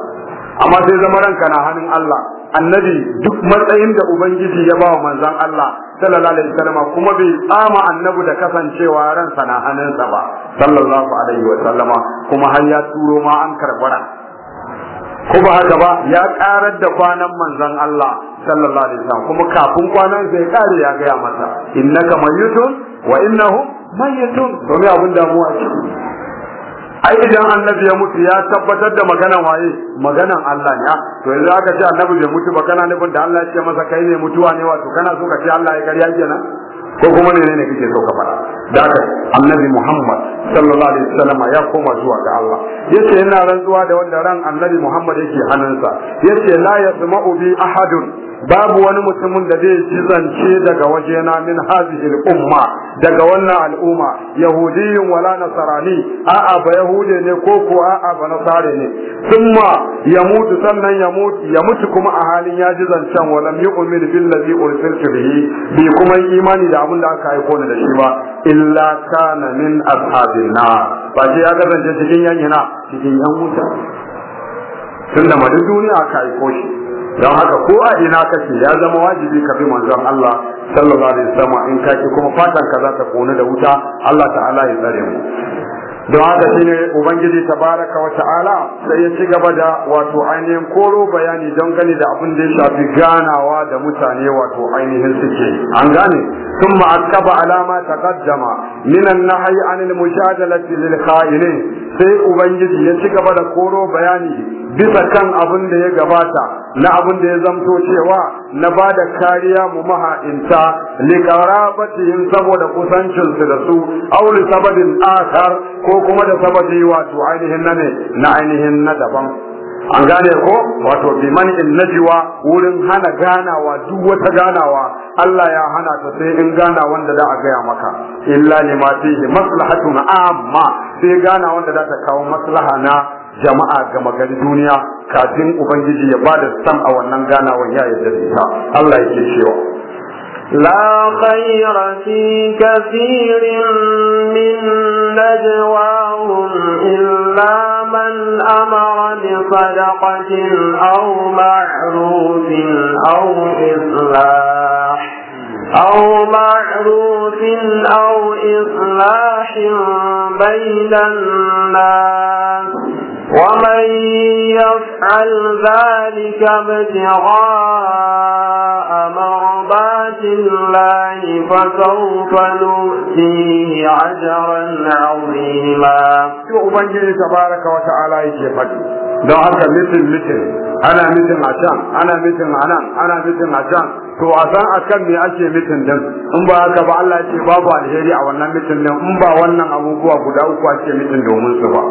amma sai zama ranka na hannun Allah annabi duk matsayin da ubangiji ya ba wa manzon Allah sallallahu alaihi wasallam kuma bai tsama annabi da kasancewa ransa na hannunsa ba sallallahu alaihi wasallam kuma har ya turo ma an karbara ko ba haka ba ya karar da kwanan manzon Allah sallallahu alaihi wasallam kuma kafin kwanan sai kare ya gaya masa innaka mayyutun wa innahum mayyitun domin abin damuwa ce ai idan annabi ya mutu ya tabbatar da maganan waye maganan Allah ne to yanzu aka ce annabi bai mutu ba kana nufin da Allah ya ce masa kai ne mutuwa ne wato kana so ka ce Allah ya karya kenan ko kuma ne ne kike so ka fara da annabi Muhammad sallallahu alaihi wasallam ya koma zuwa ga Allah yace yana rantsuwa da wanda ran annabi Muhammad yake hannunsa yace la yasma'u bi ahadun babu wani mutumin da zai cizance zance daga wajena min hazihi umma daga wannan al'umma yahudiyin wala nasarani a'a ba yahude ne ko ko a'a ba nasare ne thumma yamutu sannan yamutu ya mutu kuma a halin ya ji zancen wala yu'min billazi ursiltu bihi bi kuma imani da abin da aka yi ni da shi ba illa kana min ashabina ba sai ya ga zance cikin yanyana, cikin yan wuta tunda duniya aka yi shi don haka ko a ina kake ya zama wajibi ka bi manzon Allah sallallahu alaihi wasallam in kake kuma fatan ka za ta kone da wuta Allah ta'ala ya tsare mu don haka shine ubangiji tabaraka wa ta'ala sai ya ci gaba da wato ainihin koro bayani don gani da abin da ya shafi ganawa da mutane wato ainihin suke an gane ثم أكب على ما تقدم من النهي عن المجادلة للخائنين sai ubangiji ya ci gaba da koro bayani bisa kan abin da ya gabata na abin da ya zamto cewa na ba da kariya mu maha'inta likarabatihim saboda kusancin su da su aw li sababin akhar ko kuma da sababi wato ainihin na ne na ainihin na daban an gane ko wato Bi biman in najwa wurin hana ganawa duk wata ganawa Allah ya hana ta sai in gana wanda za a gaya maka illa ne ma fihi maslahatun amma sai gana wanda za ta kawo maslaha na jama'a ga Magan duniya kafin ubangiji ya bada sam a wannan ganawan ya yarda da ita Allah yake cewa لا خير في كثير من نجواهم إلا من أمر بصدقة أو معروف أو إصلاح أو معروف أو إصلاح بين الناس ومن يفعل ذلك ابتغاء مرضات الله فسوف نؤتيه أجرا عظيما وبنجل تبارك وتعالى يجيبك لو haka مثل مثل ana مثل عشان can مثل mitin a مثل عشان to a san a kan me ake mitin din in ba haka ba Allah ce babu alheri a wannan mitin din in ba wannan abubuwa guda uku ake mitin domin su ba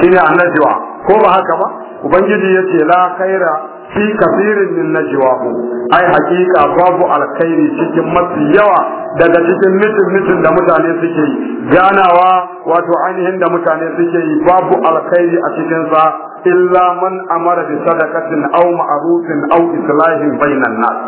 shine annajwa ko ba haka ba ubangiji yace la khaira fi kafirin min najwahu ai hakika babu alkhairi cikin mafi yawa daga cikin mitin mitin da mutane suke ganawa wato ainihin da mutane suke yi babu alkhairi a cikin sa illa man amara bi sadaqatin aw ma'rufin aw islahin bainan nas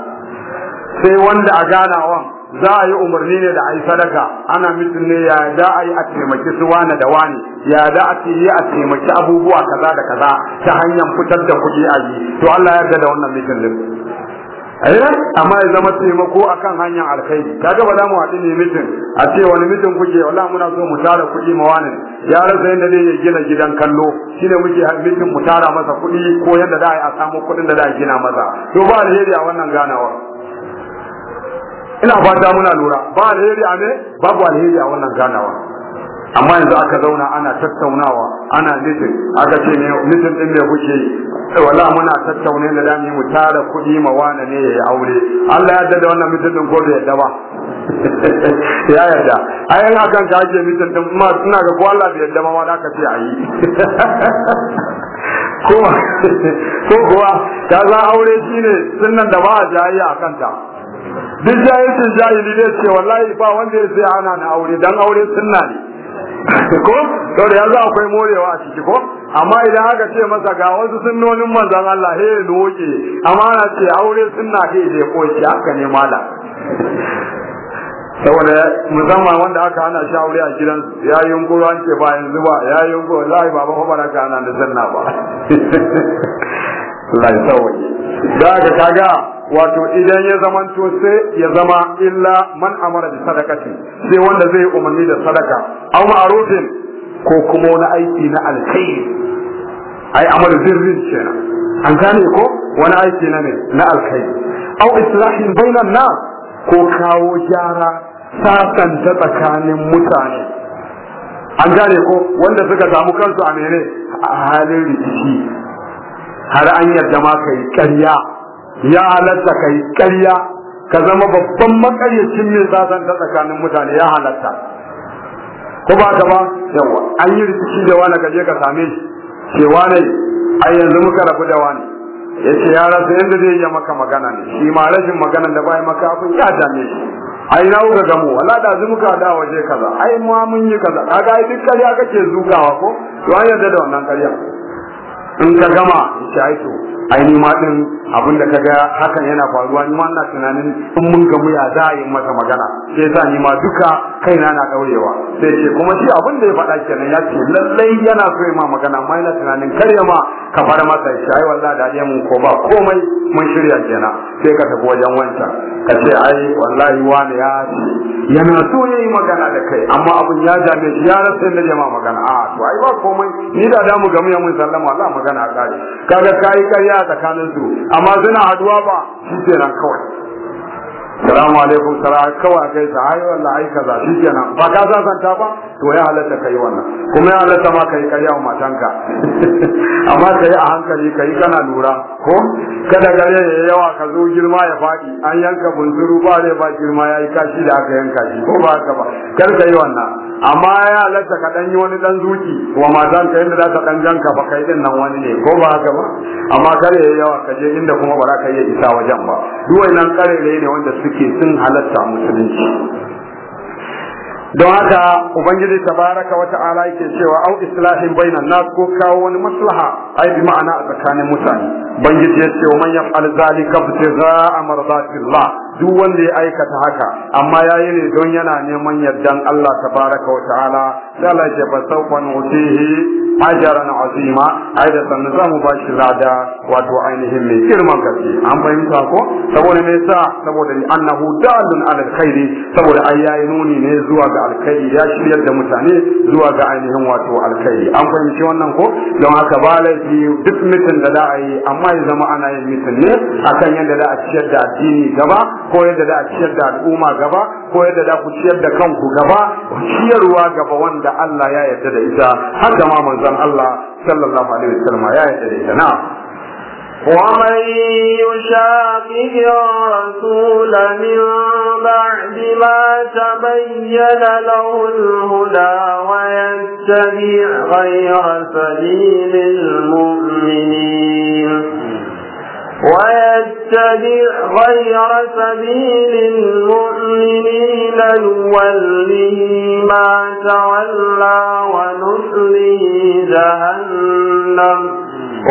sai wanda a ganawan za a yi umarni ne da a yi sadaka ana mutum ne ya da a yi a taimaki su wane da wane ya da a ce yi a taimaki abubuwa kaza da kaza ta hanyar fitar da kuɗi a yi to Allah ya yarda da wannan mutum ne eh, ayyar amma ya zama taimako akan hanyar alkhairi kaga ba za mu haɗu ne mutum a ce wani mutum kuke wala muna so mu tara kuɗi ma wani ya rasa yadda zai gina gidan kallo shine muke mutum mu tara masa kuɗi ko yadda za a samu kuɗin da za a gina masa to ba alheri a wannan ganawar ina fata muna lura ba alheri a ne babu alheri a wannan ganawa amma yanzu aka zauna ana tattaunawa ana nufin aka ce ne mitin din me kuke eh, wala muna tattaune da dami mu tara kuɗi ma wane ne ya aure Allah ya yarda da wannan mutum din ko da yarda ba ya yarda ayan akan ka ake mutum din ma ina ga ko Allah bai yarda ma wani aka ce ayi kuma ko kuwa ka za aure shine sunan da ba a jayi a kanta duk jahilcin jahili ne ce wallahi ba wanda ya sai ana na aure dan aure sunna ne ko to da yanzu akwai morewa a ciki ko amma idan aka ce masa ga wasu sunnonin manzon Allah he loke amma na ce aure sunna ke da ko shi haka ne mala saboda musamman wanda aka hana shi aure a gidan ya yi yunkuru an ce ba yanzu ba ya yi yunkuru wallahi baba ba baraka ana da sunna ba Allah ya sauwaye da kaga wato idan ya to sai ya zama illa man amara bi sadaqati sai wanda zai umarni da sadaka aw ma'rufin ko kuma wani aiki na alkhairi ai amalu birrin kenan an gane ko wani aiki na ne na alkhairi aw islahin bainan na? ko kawo gyara sasanta tsakanin mutane an gane ko wanda suka samu kansu a mene a halin rikici har an yarda ma kai ƙarya ya halatta kai ƙarya ka zama babban makaryacin mai ta tsakanin mutane ya halatta ko ba ka ba yawa an yi rikici da wani ka ka same shi ce wani ai yanzu muka rabu da wani ya ce ya rasa yadda zai yi maka magana ne shi ma rashin maganan da bai maka abin ya dame shi ai na uka gamu wala da zu muka da waje kaza ai ma mun yi kaza kaga ai duk ƙarya kake zugawa ko to an yarda da wannan ƙarya in ka gama in ci aiki ai ni ma din abinda ka ga hakan yana faruwa ni ma ina tunanin in mun gamu ya za a yi masa magana sai sa ni ma duka kaina na daurewa sai ce kuma shi abin da ya faɗa kenan ya ce lallai yana so ya ma magana amma yana tunanin kar ya ma ka fara masa shi ai wallahi da mun ko ba komai mun shirya kenan sai ka tafi wajen wancan ka ce ai wallahi wani ya yana so ya yi magana da kai amma abin ya dame shi ya rasa yadda ma magana a to ai ba komai ni da da mu gamu ya mun sallama Allah magana a kare kaga kai ƙarya su amma suna haduwa ba shi kenan kawai salamu alaikum sara kawai kai sa ai wallahi ai kaza shikenan ba ka ta ba to ya halatta kai wannan kuma ya halatta ma kai kai yawa matanka amma kai a hankali kai kana lura ko kada gare ya yawa ka zo girma ya faɗi an yanka bunsuru ba ne ba girma ya yi kashi da aka yanka shi ko ba ka ba kar kai wannan amma ya halatta ka dan yi wani dan zuci wa ka inda za ta dan janka ba kai din nan wani ne ko ba ka ba amma kar ya yawa ka je inda kuma ba za ka iya isa wajen ba duwainan wannan karerai ne wanda suke sun halatta musulunci don haka ubangiji tabaraka wa ta'ala yake cewa au islahin bainan nas ko kawo wani maslaha ai bi ma'ana a tsakanin mutane ubangiji ya ce man yaf'al zalika ibtigha'a mardatillah duk wanda ya aikata haka amma yayi ne don yana neman yardan Allah tabaraka wa ta'ala sai Allah ya fa azima ai da sannan za mu bashi lada wato ainihin mai girman gaske an fahimta ko saboda me yasa saboda annahu dalun ala alkhairi saboda ai yayi nuni ne zuwa ga alkhairi ya shiryar da mutane zuwa ga ainihin wato alkhairi an fahimci wannan ko don haka ba laifi duk mitin da za a yi amma ya zama ana yin mitin ne akan yadda za a ciyar da addini gaba ko yadda za a ciyar da al'umma gaba ko yadda za ku ciyar da kanku gaba ciyarwa gaba wanda wanda Allah ya yarda da ita haka ma manzon Allah sallallahu alaihi wasallam ya yarda da ita na'am ومن يشاقق الرسول من بعد ما تبين له الهدى ويتبع غير سبيل المؤمنين ويتبع غير سبيل المؤمنين نوله ما تولى ونصله جهنم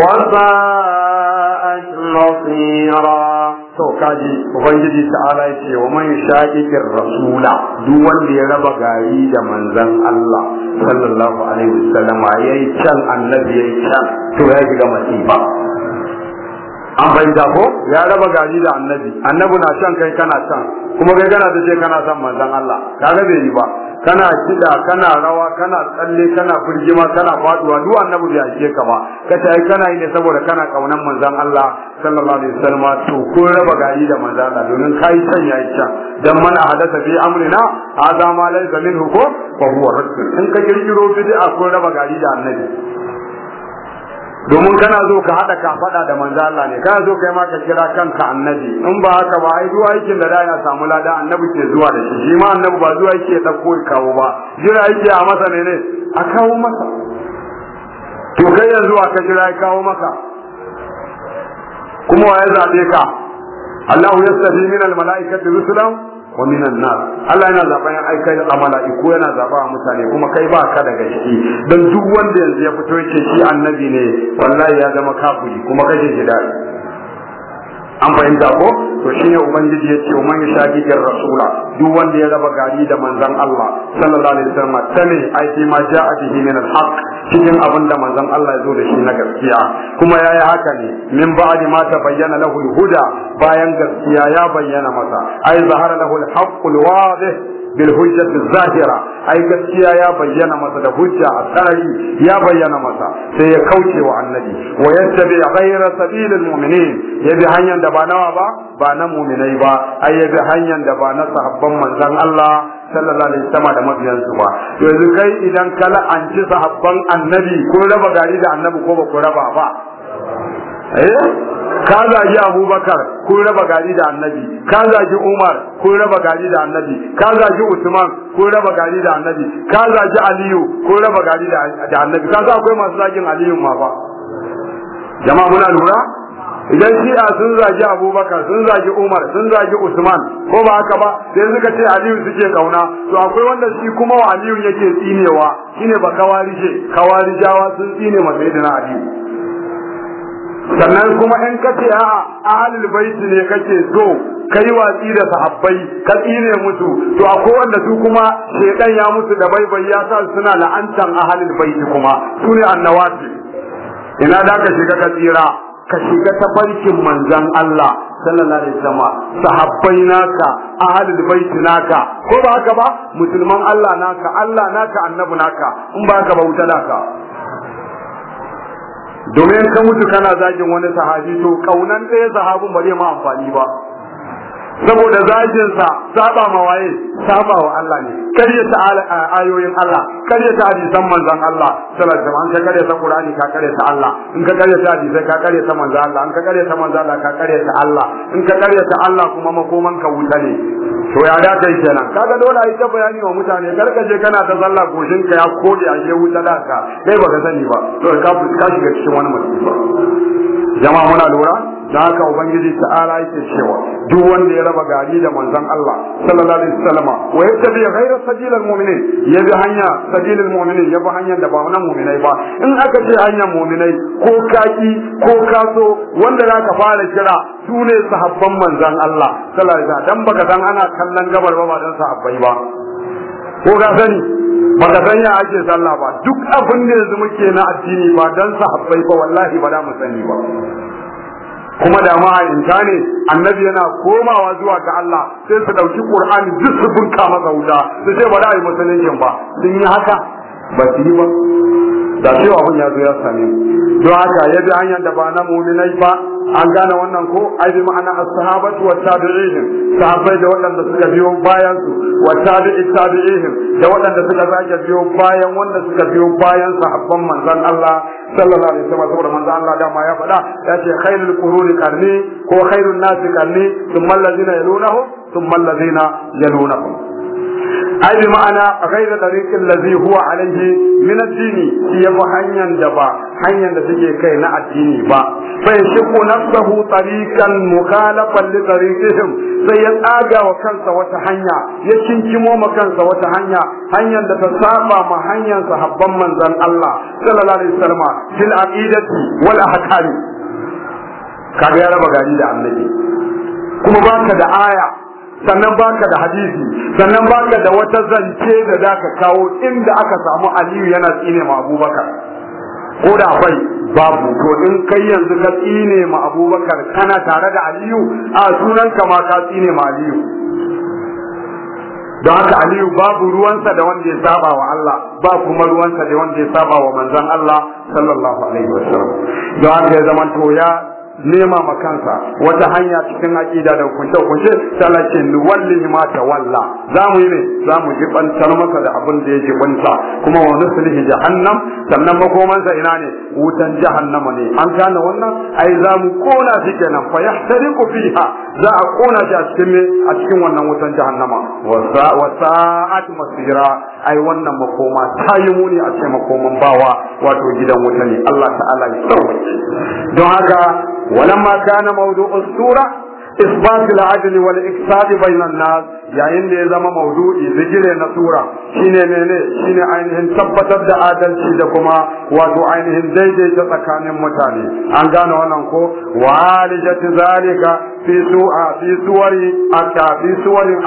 وساءت مصيرا to kaji ubangiji ta'ala yace wa man shaqiqir rasula duk wanda ya raba gari da manzon Allah sallallahu alaihi wasallam yayi can annabi yayi can to ya shiga masifa an fahimta ko ya raba gari da annabi annabi na shan kai kana shan kuma kai kana da ce kana san manzon Allah kaga bai yi ba kana kida kana rawa kana tsalle kana burjima kana faduwa duk annabi bai ake ka ba ka tayi kana yi ne saboda kana kaunan manzon Allah sallallahu alaihi wasallam to ko raba gari da manzon Allah domin kai san yayi can dan mana hadasa fi amrina hadha ma laysa minhu fa huwa rasul in ka kirkiro bid'a ko raba gari da annabi domin kana zo ka hada ka fada da manzo Allah ne kana zo kai ma ka kira kanka annabi in ba haka ba ai duwa aikin da dana samu lada annabi ke zuwa da shi annabi ba zuwa yake ta koyi kawo ba jira yake a masa ne ne a kawo masa to kai yanzu aka jira kawo maka kuma wa ya zabe ka Allah ya sabi min al mala'ikati rusulan wa minan nas Allah yana zaɓa yan aika a mala'iku yana zaɓa a mutane kuma kai ba ka daga shi, don duk wanda yanzu ya fito yake shi annabi ne wallahi ya zama kafiri kuma kake shi da. an fahimta ko to shine ubangiji ya ce wa man shaqiqir rasula duk wanda ya raba gari da manzon Allah sallallahu alaihi wasallam tane ai fi ma ja'a bihi min al-haq cikin abin da manzon Allah ya zo da shi na gaskiya kuma yayi haka ne min ba'di ma tabayyana lahu al-huda bayan gaskiya ya bayyana masa ai zahara lahu al-haqq al-wadih bil hujjati zahira ai gaskiya ya bayyana masa da hujja a tsari ya bayyana masa sai ya kauce wa annabi wa yattabi ghayra sabilil mu'minin ya bi hanyar da ba nawa ba ba na mu'minai ba ai ya bi hanyar da ba na sahabban manzon Allah sallallahu alaihi wasallam da mabiyansu ba yanzu kai idan ka la'anci sahabban annabi ko raba gari da annabi ko ba ku raba ba Eh? ka zagi abubakar kun raba gari da annabi ka zagi umar kun raba gari da annabi ka zagi usman kun raba gari da annabi ka zagi aliyu kun raba gari da annabi ka zagi akwai masu zagin aliyu ma fa jama'a muna lura idan shi'a sun zagi abubakar sun zagi umar sun zagi usman ko ba haka ba sai suka ce aliyu suke kauna to akwai wanda shi kuma wa aliyu yake tsinewa shine ba kawarije kawarijawa sun tsine masa yadda na aliyu sannan kuma in kace a ahlul bait ne kake so kai watsi da sahabbai ka tsine musu to akwai wanda su kuma shedan ya musu da baibai ya sa suna la'antan ahlul bait kuma su ne annawati ina da ka shiga ka tsira ka shiga ta tafarkin manzan Allah sallallahu alaihi wasallam sahabbai naka ahlul bait naka ko ba haka ba musulman Allah naka Allah naka annabi naka in ba haka ba wuta naka domin ka mutu kana zagin wani sahabi to kaunan ɗaya sahabin ba zai ma amfani ba saboda zagin sa saba ma waye saba wa Allah ne karya ta ayoyin Allah karya ta hadisan manzon Allah sallallahu alaihi wasallam ka karya ta Qur'ani ka karya ta Allah in ka karya ta hadisai ka karya ta manzon Allah in ka karya ta manzon Allah ka karya ta Allah in ka karya ta Allah kuma makoman ka wuta ne to ya da kai kenan kaga dole ai ta bayani wa mutane karka je kana ta zalla goshin ka ya kode a je wuta da ka kai baka sani ba to ka ka shiga cikin wani mutum jama'a muna lura da haka ubangiji ta'ala yake cewa duk wanda ya raba gari da manzon Allah sallallahu alaihi wasallam wa yattabi ghayra sabilil mu'minin ya bi hanya sabilil mu'minin ya bi hanyar da ba na mu'minai ba in aka ce hanyar mu'minai ko kaki ko kaso wanda zaka fara kira su ne sahabban manzon Allah sallallahu alaihi wasallam dan baka san ana kallon gabar ba ba dan sahabbai ba ko ka sani ba ka ya ake sallah ba duk abin da yanzu muke na addini ba dan sahabbai ba wallahi ba da mu sani ba kuma da ma'ayinta ne annabi yana komawa zuwa ga Allah sai su ɗauki Qur'ani duk su bunka masa wuta su ce ba za a yi ba sun yi haka ba su yi ba da cewa abin ya zo ya same don haka ya bi hanyar da ba na muminai ba an gane wannan ko ai bi ma'ana as-sahabatu wa tabi'ihim sahabbai da waɗanda suka biyo bayan su wa tabi'i tabi'ihim da waɗanda suka zage biyo bayan wanda suka biyo bayan sahabban manzon Allah sallallahu alaihi wasallam saboda manzo Allah dama ya faɗa ya ce khairul quruni qarni ko khairun nasi qarni thumma allazina yalunahum thumma allazina yalunahum ai bi ma'ana ghayra tariqil ladhi huwa alayhi min ad-dini shi yafi hanyar da ba hanyar da suke kai na addini ba fa yashqu nafsahu tariqan mukhalafan li tariqihim sai ya tsaga wa kansa wata hanya ya kinkimo ma kansa wata hanya hanyar da ta saba ma hanyar sahabban manzan Allah sallallahu alaihi wasallam fil aqidati wal ahkam kaga raba da annabi kuma baka da aya sannan baka da hadisi sannan baka da wata zance da zaka kawo inda aka samu aliyu yana tsine ma abubakar ko da bai babu to in kai yanzu ka tsine ma abubakar kana tare da aliyu a sunanka ma ka tsine ma aliyu don haka aliyu babu ruwansa da wanda ya saba wa Allah ba kuma ruwansa da wanda ya saba wa manzon Allah sallallahu alaihi wasallam don haka ya zama to ya nema ma kansa wata hanya cikin aqida da hukunce hukunce sai ce ni ma ta walla zamu yi ne zamu bantar maka da abin da ya jibanta kuma wa nuslihi jahannam sannan makomansa ina ne wutan jahannama ne an gane wannan ai zamu kona shi kenan fa yahtariqu fiha za a kona shi a cikin a cikin wannan wutan jahannama wa sa'at masira ai wannan makoma ta muni a cikin makoman bawa wato gidan wuta ne Allah ta'ala ya sauke don haka ولما كان موضوع السورة إثبات العدل والإكساد بين الناس yayin da ya zama maudu'i bigire na tura shine mene shine ainihin tabbatar da adalci da kuma wato ainihin daidaita tsakanin mutane an gane wannan ko wa alijati zalika fi su a fi suwari fi suwarin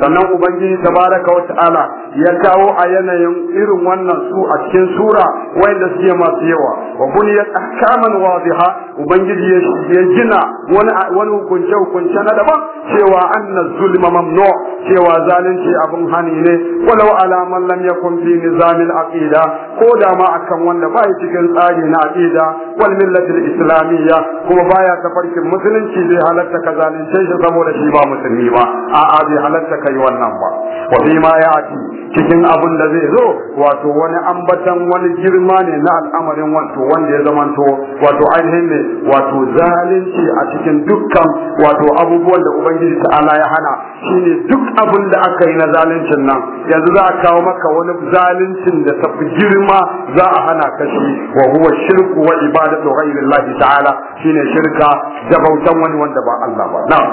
sannan ubangiji tabaraka wa ta'ala ya kawo a yanayin irin wannan su a cikin sura wanda suke masu yawa wa buniyat ahkaman wadiha ubangiji ya gina wani wani hukunce hukunce na daban cewa anna zulma mamnu cewa zalunci abin hani ne walau ala man lam yakun fi nizamil aqida ko da ma akan wanda ba ya cikin tsari na aqida wal millatil islamiyya kuma baya tafarkin musulunci zai halatta ka zalunce shi saboda shi ba musulmi ba a'a bai halatta kai wannan ba wa fi ma ati cikin abin da zai zo wato wani ambatan wani girma ne na al'amarin wato wanda ya zamanto wato ainihin ne wato zalunci a cikin dukkan wato abubuwan da ubangiji ta'ala ya hana shine duk abin da aka yi na zaluncin nan yanzu za a kawo maka wani zaluncin da tafi girma za a hana ka shi wa huwa shirku wa ibadatu ghayrillahi ta'ala shine shirka da bautan wani wanda ba Allah ba na'am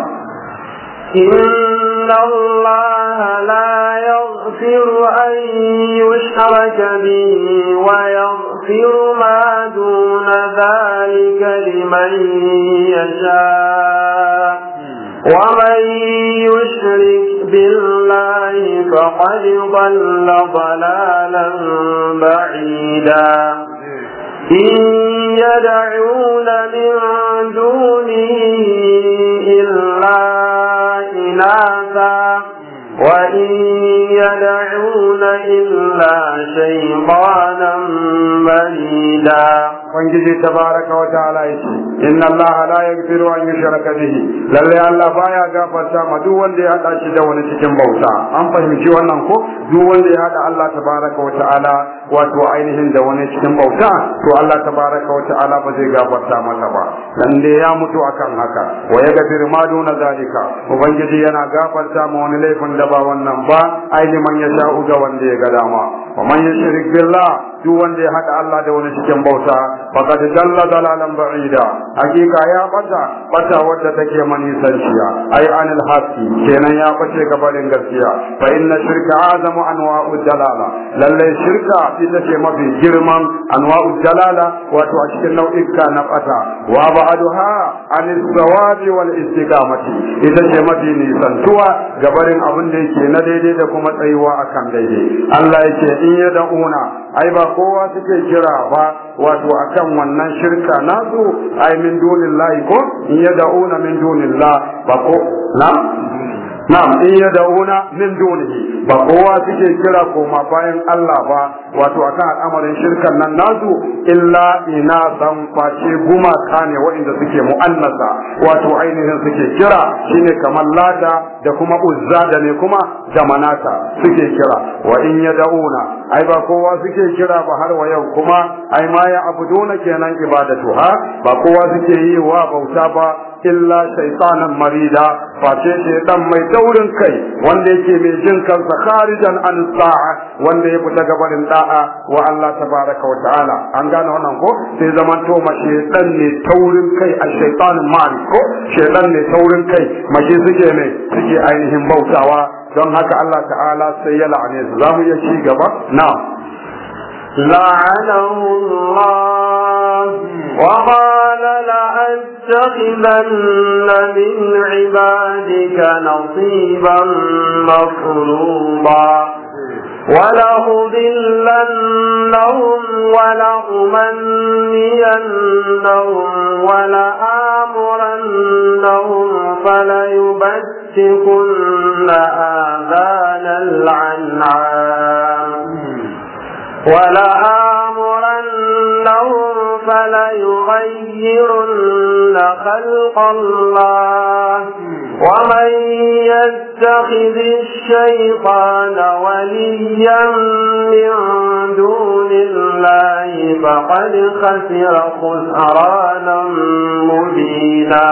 إن الله لا يغفر أن يشرك به ويغفر ما دون ذلك لمن يشاء ومن يشرك بالله فقد ضل ضلالا بعيدا إن يدعون من دونه إلا إناثا وإن يدعون إلا شيطانا مريدا ubangiji tabaraka wa ta'ala yace inna allaha la yaghfiru an yushraka bihi lalle allah baya gafarta ma duk wanda ya hada shi da wani cikin bauta an fahimci wannan ko duk wanda ya hada allah tabaraka wa ta'ala wato ainihin da wani cikin bauta to allah tabaraka wa ta'ala ba zai gafarta masa ba da ya mutu akan haka wa ya gafir ma duna zalika ubangiji yana gafarta ma wani laifin da ba wannan ba ainihin man ya sha'u ga wanda ya ga dama wa man yushrik billah duk wanda ya haɗa Allah da wani cikin bauta faqad dalla dalalan da. hakika ya bata bata wadda take mani sanciya ai anil haqqi kenan ya bace gabarin gaskiya fa inna shirka azamu anwa'u dalala lalle shirka ita ce mafi girman anwa'u dalala wato a cikin nau'ika na bata wa ba'aduha anil sawabi wal istiqamati ita ce mafi nisantuwa gabarin abin da yake na daidai da kuma tsayuwa akan daidai Allah yake in ya da'una ai ba kowa suke kira ba wato akan wannan shirka nasu ai min dunillahi ko in ya da'una min dunillah ba ko na na'am in ya dauna min dunihi ba kowa suke kira koma bayan Allah ba wato akan al'amarin shirkan nan nasu illa ina san face gumaka ne wainda suke mu'annasa wato ainihin suke kira shine kamar lata da kuma uzza da ne kuma da manata suke kira wa in ya da'una ai ba kowa suke kira ba har wa yau kuma ai ma ya abuduna kenan ibadatu ha ba kowa suke yi wa bauta ba illa shaytanan marida face shaytan mai taurin kai wanda yake mai jin kansa kharijan an sa'a wanda ya fita gabanin da'a wa Allah tabaraka wa ta'ala an gane wannan ko sai zaman to ma shaytan ne taurin kai a shaytanin mari ko shaytan ne taurin kai mace suke ne suke ainihin bautawa don haka Allah ta'ala sai ya la'ane su zamu iya ci gaba na'am لعنه الله وما لنتخذن من عبادك نصيبا مفروضا ولأضلنهم ولأمنينهم ولآمرنهم فليبتكن آذان العنعام ولآمرنهم فليغيرن خلق الله ومن يتخذ الشيطان وليا من دون الله فقد خسر خسرانا مبينا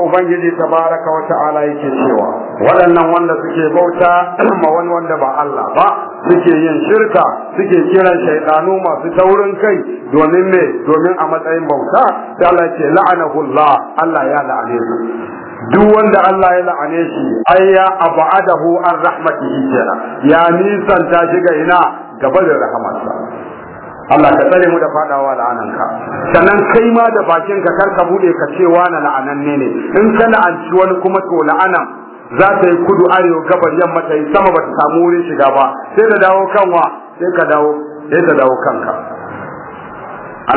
ubangiji ta wa ta'ala yake cewa waɗannan wanda suke bauta ma wanda ba Allah ba suke yin shirka suke kiran shaidanu masu taurin kai domin me domin a matsayin bauta da Allah ce la'anahullah Allah ya la'ane duk wanda Allah ya la'ane shi ai ya abadahu an rahmatihi kenan ya nisan ta shiga ina gaba da rahamarsa Allah ka tsare mu da fadawa la'ananka sannan kai ma da bakinka kar ka bude ka ce wani la'ananne ne in ka la'anci wani kuma to la'anan za ta yi kudu arewa gabar yamma ta yi sama ba ta samu wurin shiga ba sai ka dawo kanwa sai ka dawo sai ta dawo kanka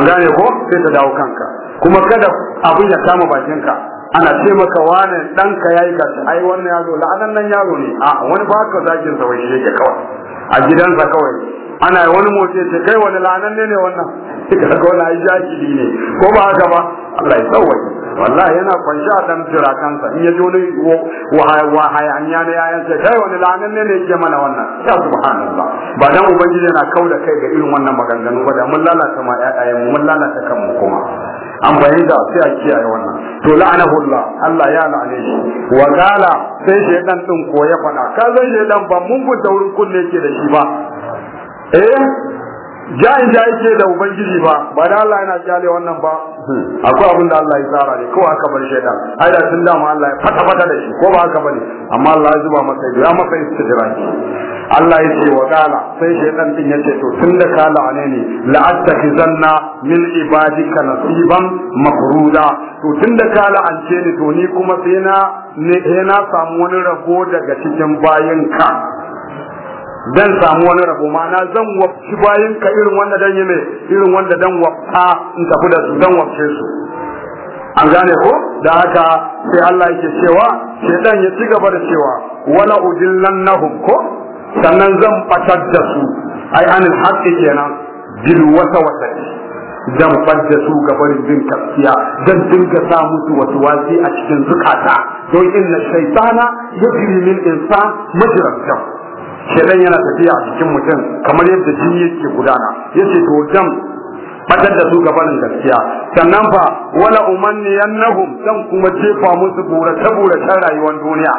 an gane ko sai ta dawo kanka kuma kada abin ya kama bakinka ana ce maka wani ɗanka ya yi kaci ai wannan yaro la'anan nan yaro ne a wani ba ka zakin sa wani yake kawai a gidansa kawai ana wani moce ce kai wani la'anan ne ne wannan kika daga wani ai jahili ne ko ba haka ba Allah ya tsawai wallahi yana kwanci a dan jira kansa in ya ji wani an na yayan ce kai wani la'anan ne ne yake mana wannan ya subhanallah ba dan ubangiji yana kauda kai ga irin wannan maganganu ba da mun lalata ma ƴaƴayen mun lalata kanmu kuma an bayi da sai a kiyaye wannan to la'anahu hulla, Allah ya la'ane shi wa qala sai dan din ko ya fada ka zai shi dan ba mun gudu wurin kunne yake da shi ba eh jayin da yake da ubangiji ba ba da Allah yana jale wannan ba akwai abin da Allah ya tsara ne ko aka bar dan ai da tun dama Allah ya fata fata da shi ko ba haka ne? amma Allah ya zuba masa ya maka istidraki Allah ya ce wa sai sai shaytan din ya ce to da ka la'ane ni la'attakhizanna min ibadika nasiban mafruda to tunda ka la'ance ni to ni kuma sai na ne na samu wani rabo daga cikin ka, dan samu wani rabo na zan wafci ka irin wanda dan yi irin wanda dan wafta in tafi da su dan wafce su an gane ko da haka sai Allah yake cewa shedan ya ci gaba da cewa wala udillannahum ko sannan zan fatar da su ai an haƙƙi kenan bil wasa wata zan fatar su ga barin bin gaskiya zan dinga sa musu wasu wasi a cikin zukata don inna shaytana yajri min insan majran shedan yana tafiya a cikin mutum kamar yadda jini yake gudana yace to zan fatar da su ga barin gaskiya sannan fa wala nahum zan kuma jefa musu burace-buracen rayuwar duniya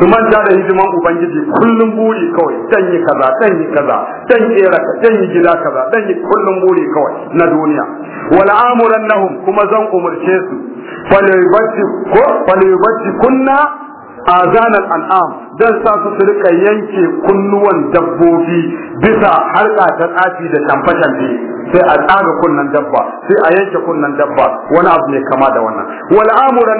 su manta da hidiman ubangiji kullum buri kawai dan yi kaza dan yi kaza dan kera dan yi gida kaza dan yi kullum buri kawai na duniya wal amurannahum kuma zan umurce su falyubatti ko falyubatti kunna al an'am dan sa su rika yanke kunnuwan dabbobi bisa harka ta tsafi da tamfe sai a tsaga kunnan dabba sai a yanke kunnan dabba wani abu ne kama da wannan wal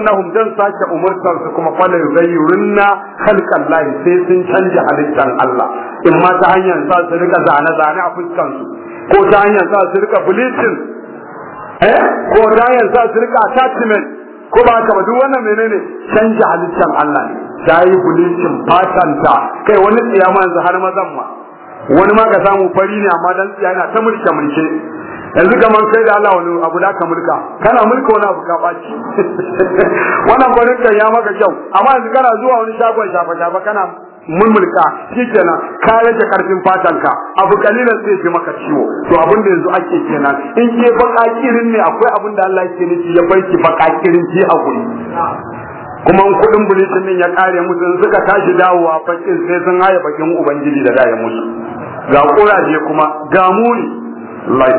Nahum, dan sake umurtar su kuma fala yuzayyirunna khalqan lahi sai sun canja halittar Allah in ma ta hanyar sa su rika zane zane a fuskan su ko ta hanyar sa su rika bleaching eh ko ta hanyar sa su rika attachment ko ba ka ba duk wannan menene canja halittar Allah ne ta yi bleaching fatanta kai wani tsiyama yanzu har mazan ma wani ma ka samu fari ne amma dan yana ta mulke mulke yanzu kaman kai da Allah wani abu da ka mulka kana mulka wani abu ka baci wannan kwanin ya maka kyau amma yanzu kana zuwa wani shagon shafa shafa kana mulmulka shikenan ka rage karfin fatanka abu kalilan zai ji maka ciwo to abin da yanzu ake kenan in ke bakakirin ne akwai abin da Allah yake nufi ya bai ki bakakirin ki a guri kuma kudin bulitin din ya kare musu in suka tashi dawowa fakin sai sun haya bakin ubangiji da ya musu ga kuraje kuma ga muni lai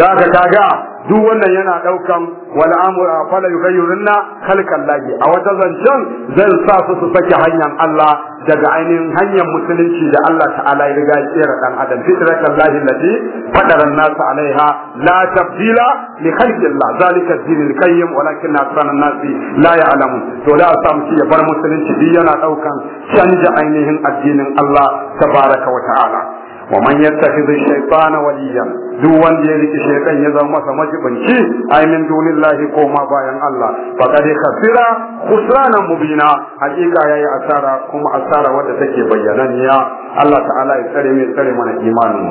da ka kaga duk wannan yana daukan wal amra fala yughayyirunna khalqan lahi a wata zancen zan sa su su sake hanyar Allah daga ainihin hanyar musulunci da Allah ta'ala ya riga ya tsira dan adam fitratan lahi lati fadaran nasu alaiha la tabdila li khalqillah zalika dinul qayyim walakin aktharun nasi la ya'lamun to da a samu shi ya bar musulunci yana daukan canja ainihin addinin Allah tabaraka wa ta'ala wa man yattakhidhu shaytana waliyan duk wanda ya riki shaytan ya zama masa majibanci ay min dunillahi ko ma bayan Allah faqad khasira khusranan mubina hakika yayi asara kuma asara wanda take ya Allah ta'ala ya tsare mai tsare mana imanin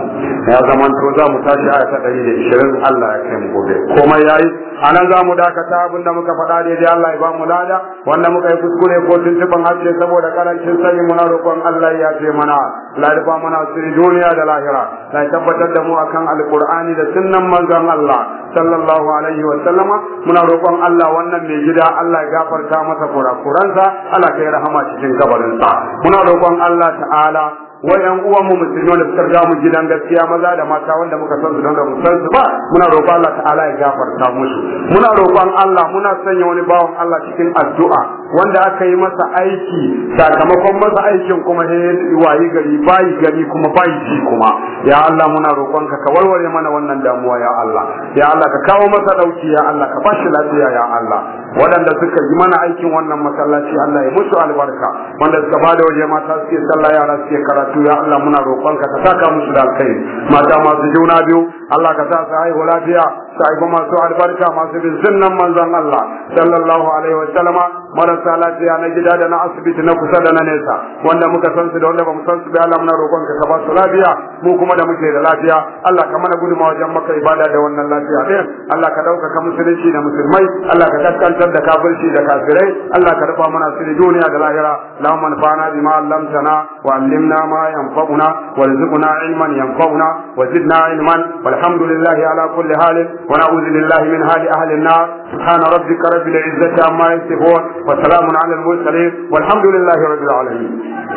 ya zaman to za mu tashi aya ta 120 Allah ya kai mu gobe komai yayi anan za mu dakata abinda muka faɗa daidai Allah ya ba mu lada wanda muka yi kuskure ko tuntuban harshe saboda karancin sani muna roƙon Allah ya ce mana larifa mana sirri duniya dunya da lahira la tabbatar da mu akan alqur'ani da sunnan manzon Allah sallallahu alaihi wa sallama muna roƙon Allah wannan mai gida Allah ya gafarta masa kurakuransa Allah ya rahama cikin kabarinsa muna roƙon Allah ta'ala Wayan yan uwan mu musulmi da suka riga mu gidan gaskiya maza da mata wanda muka san su don da mu san su ba muna roƙon Allah ta'ala ya gafarta musu muna roƙon Allah muna sanya wani bawan Allah cikin addu'a wanda aka yi masa aiki sakamakon masa aikin kuma he wayi gari bayi gari kuma bayi ji kuma ya Allah muna roƙon ka ka warware mana wannan damuwa ya Allah ya Allah ka kawo masa dauki ya Allah ka bashi lafiya ya Allah waɗanda suka yi mana aikin wannan masallaci Allah ya musu albarka wanda suka ba da waje mata suke sallah yara suke karatu ya Allah muna roƙonka ka saka musu da alkhairi mata masu juna biyu Allah ka sa su haihu lafiya kuma masu albarka masu bin sunnan manzon Allah sallallahu alaihi wa sallama marasa lafiya na gida da na asibiti na kusa da na nesa wanda muka san su da wanda bamu san su ba Allah muna roƙon ka ba su lafiya mu kuma da muke da lafiya Allah ka mana guduma wajen maka ibada da wannan lafiya din Allah ka ɗaukaka musulunci da musulmai Allah ka kaskantar da kafirci da kafirai Allah ka rufa mana sirri duniya da lahira lahumma nafa'na bima 'allamtana wa 'allimna ma yanfa'una warzuqna 'ilman yanfa'una wa zidna 'ilman walhamdulillahi ala kulli halin ونعوذ بالله من هذه أهل النار سبحان ربك رب العزة عما يصفون وسلام على المرسلين والحمد لله رب العالمين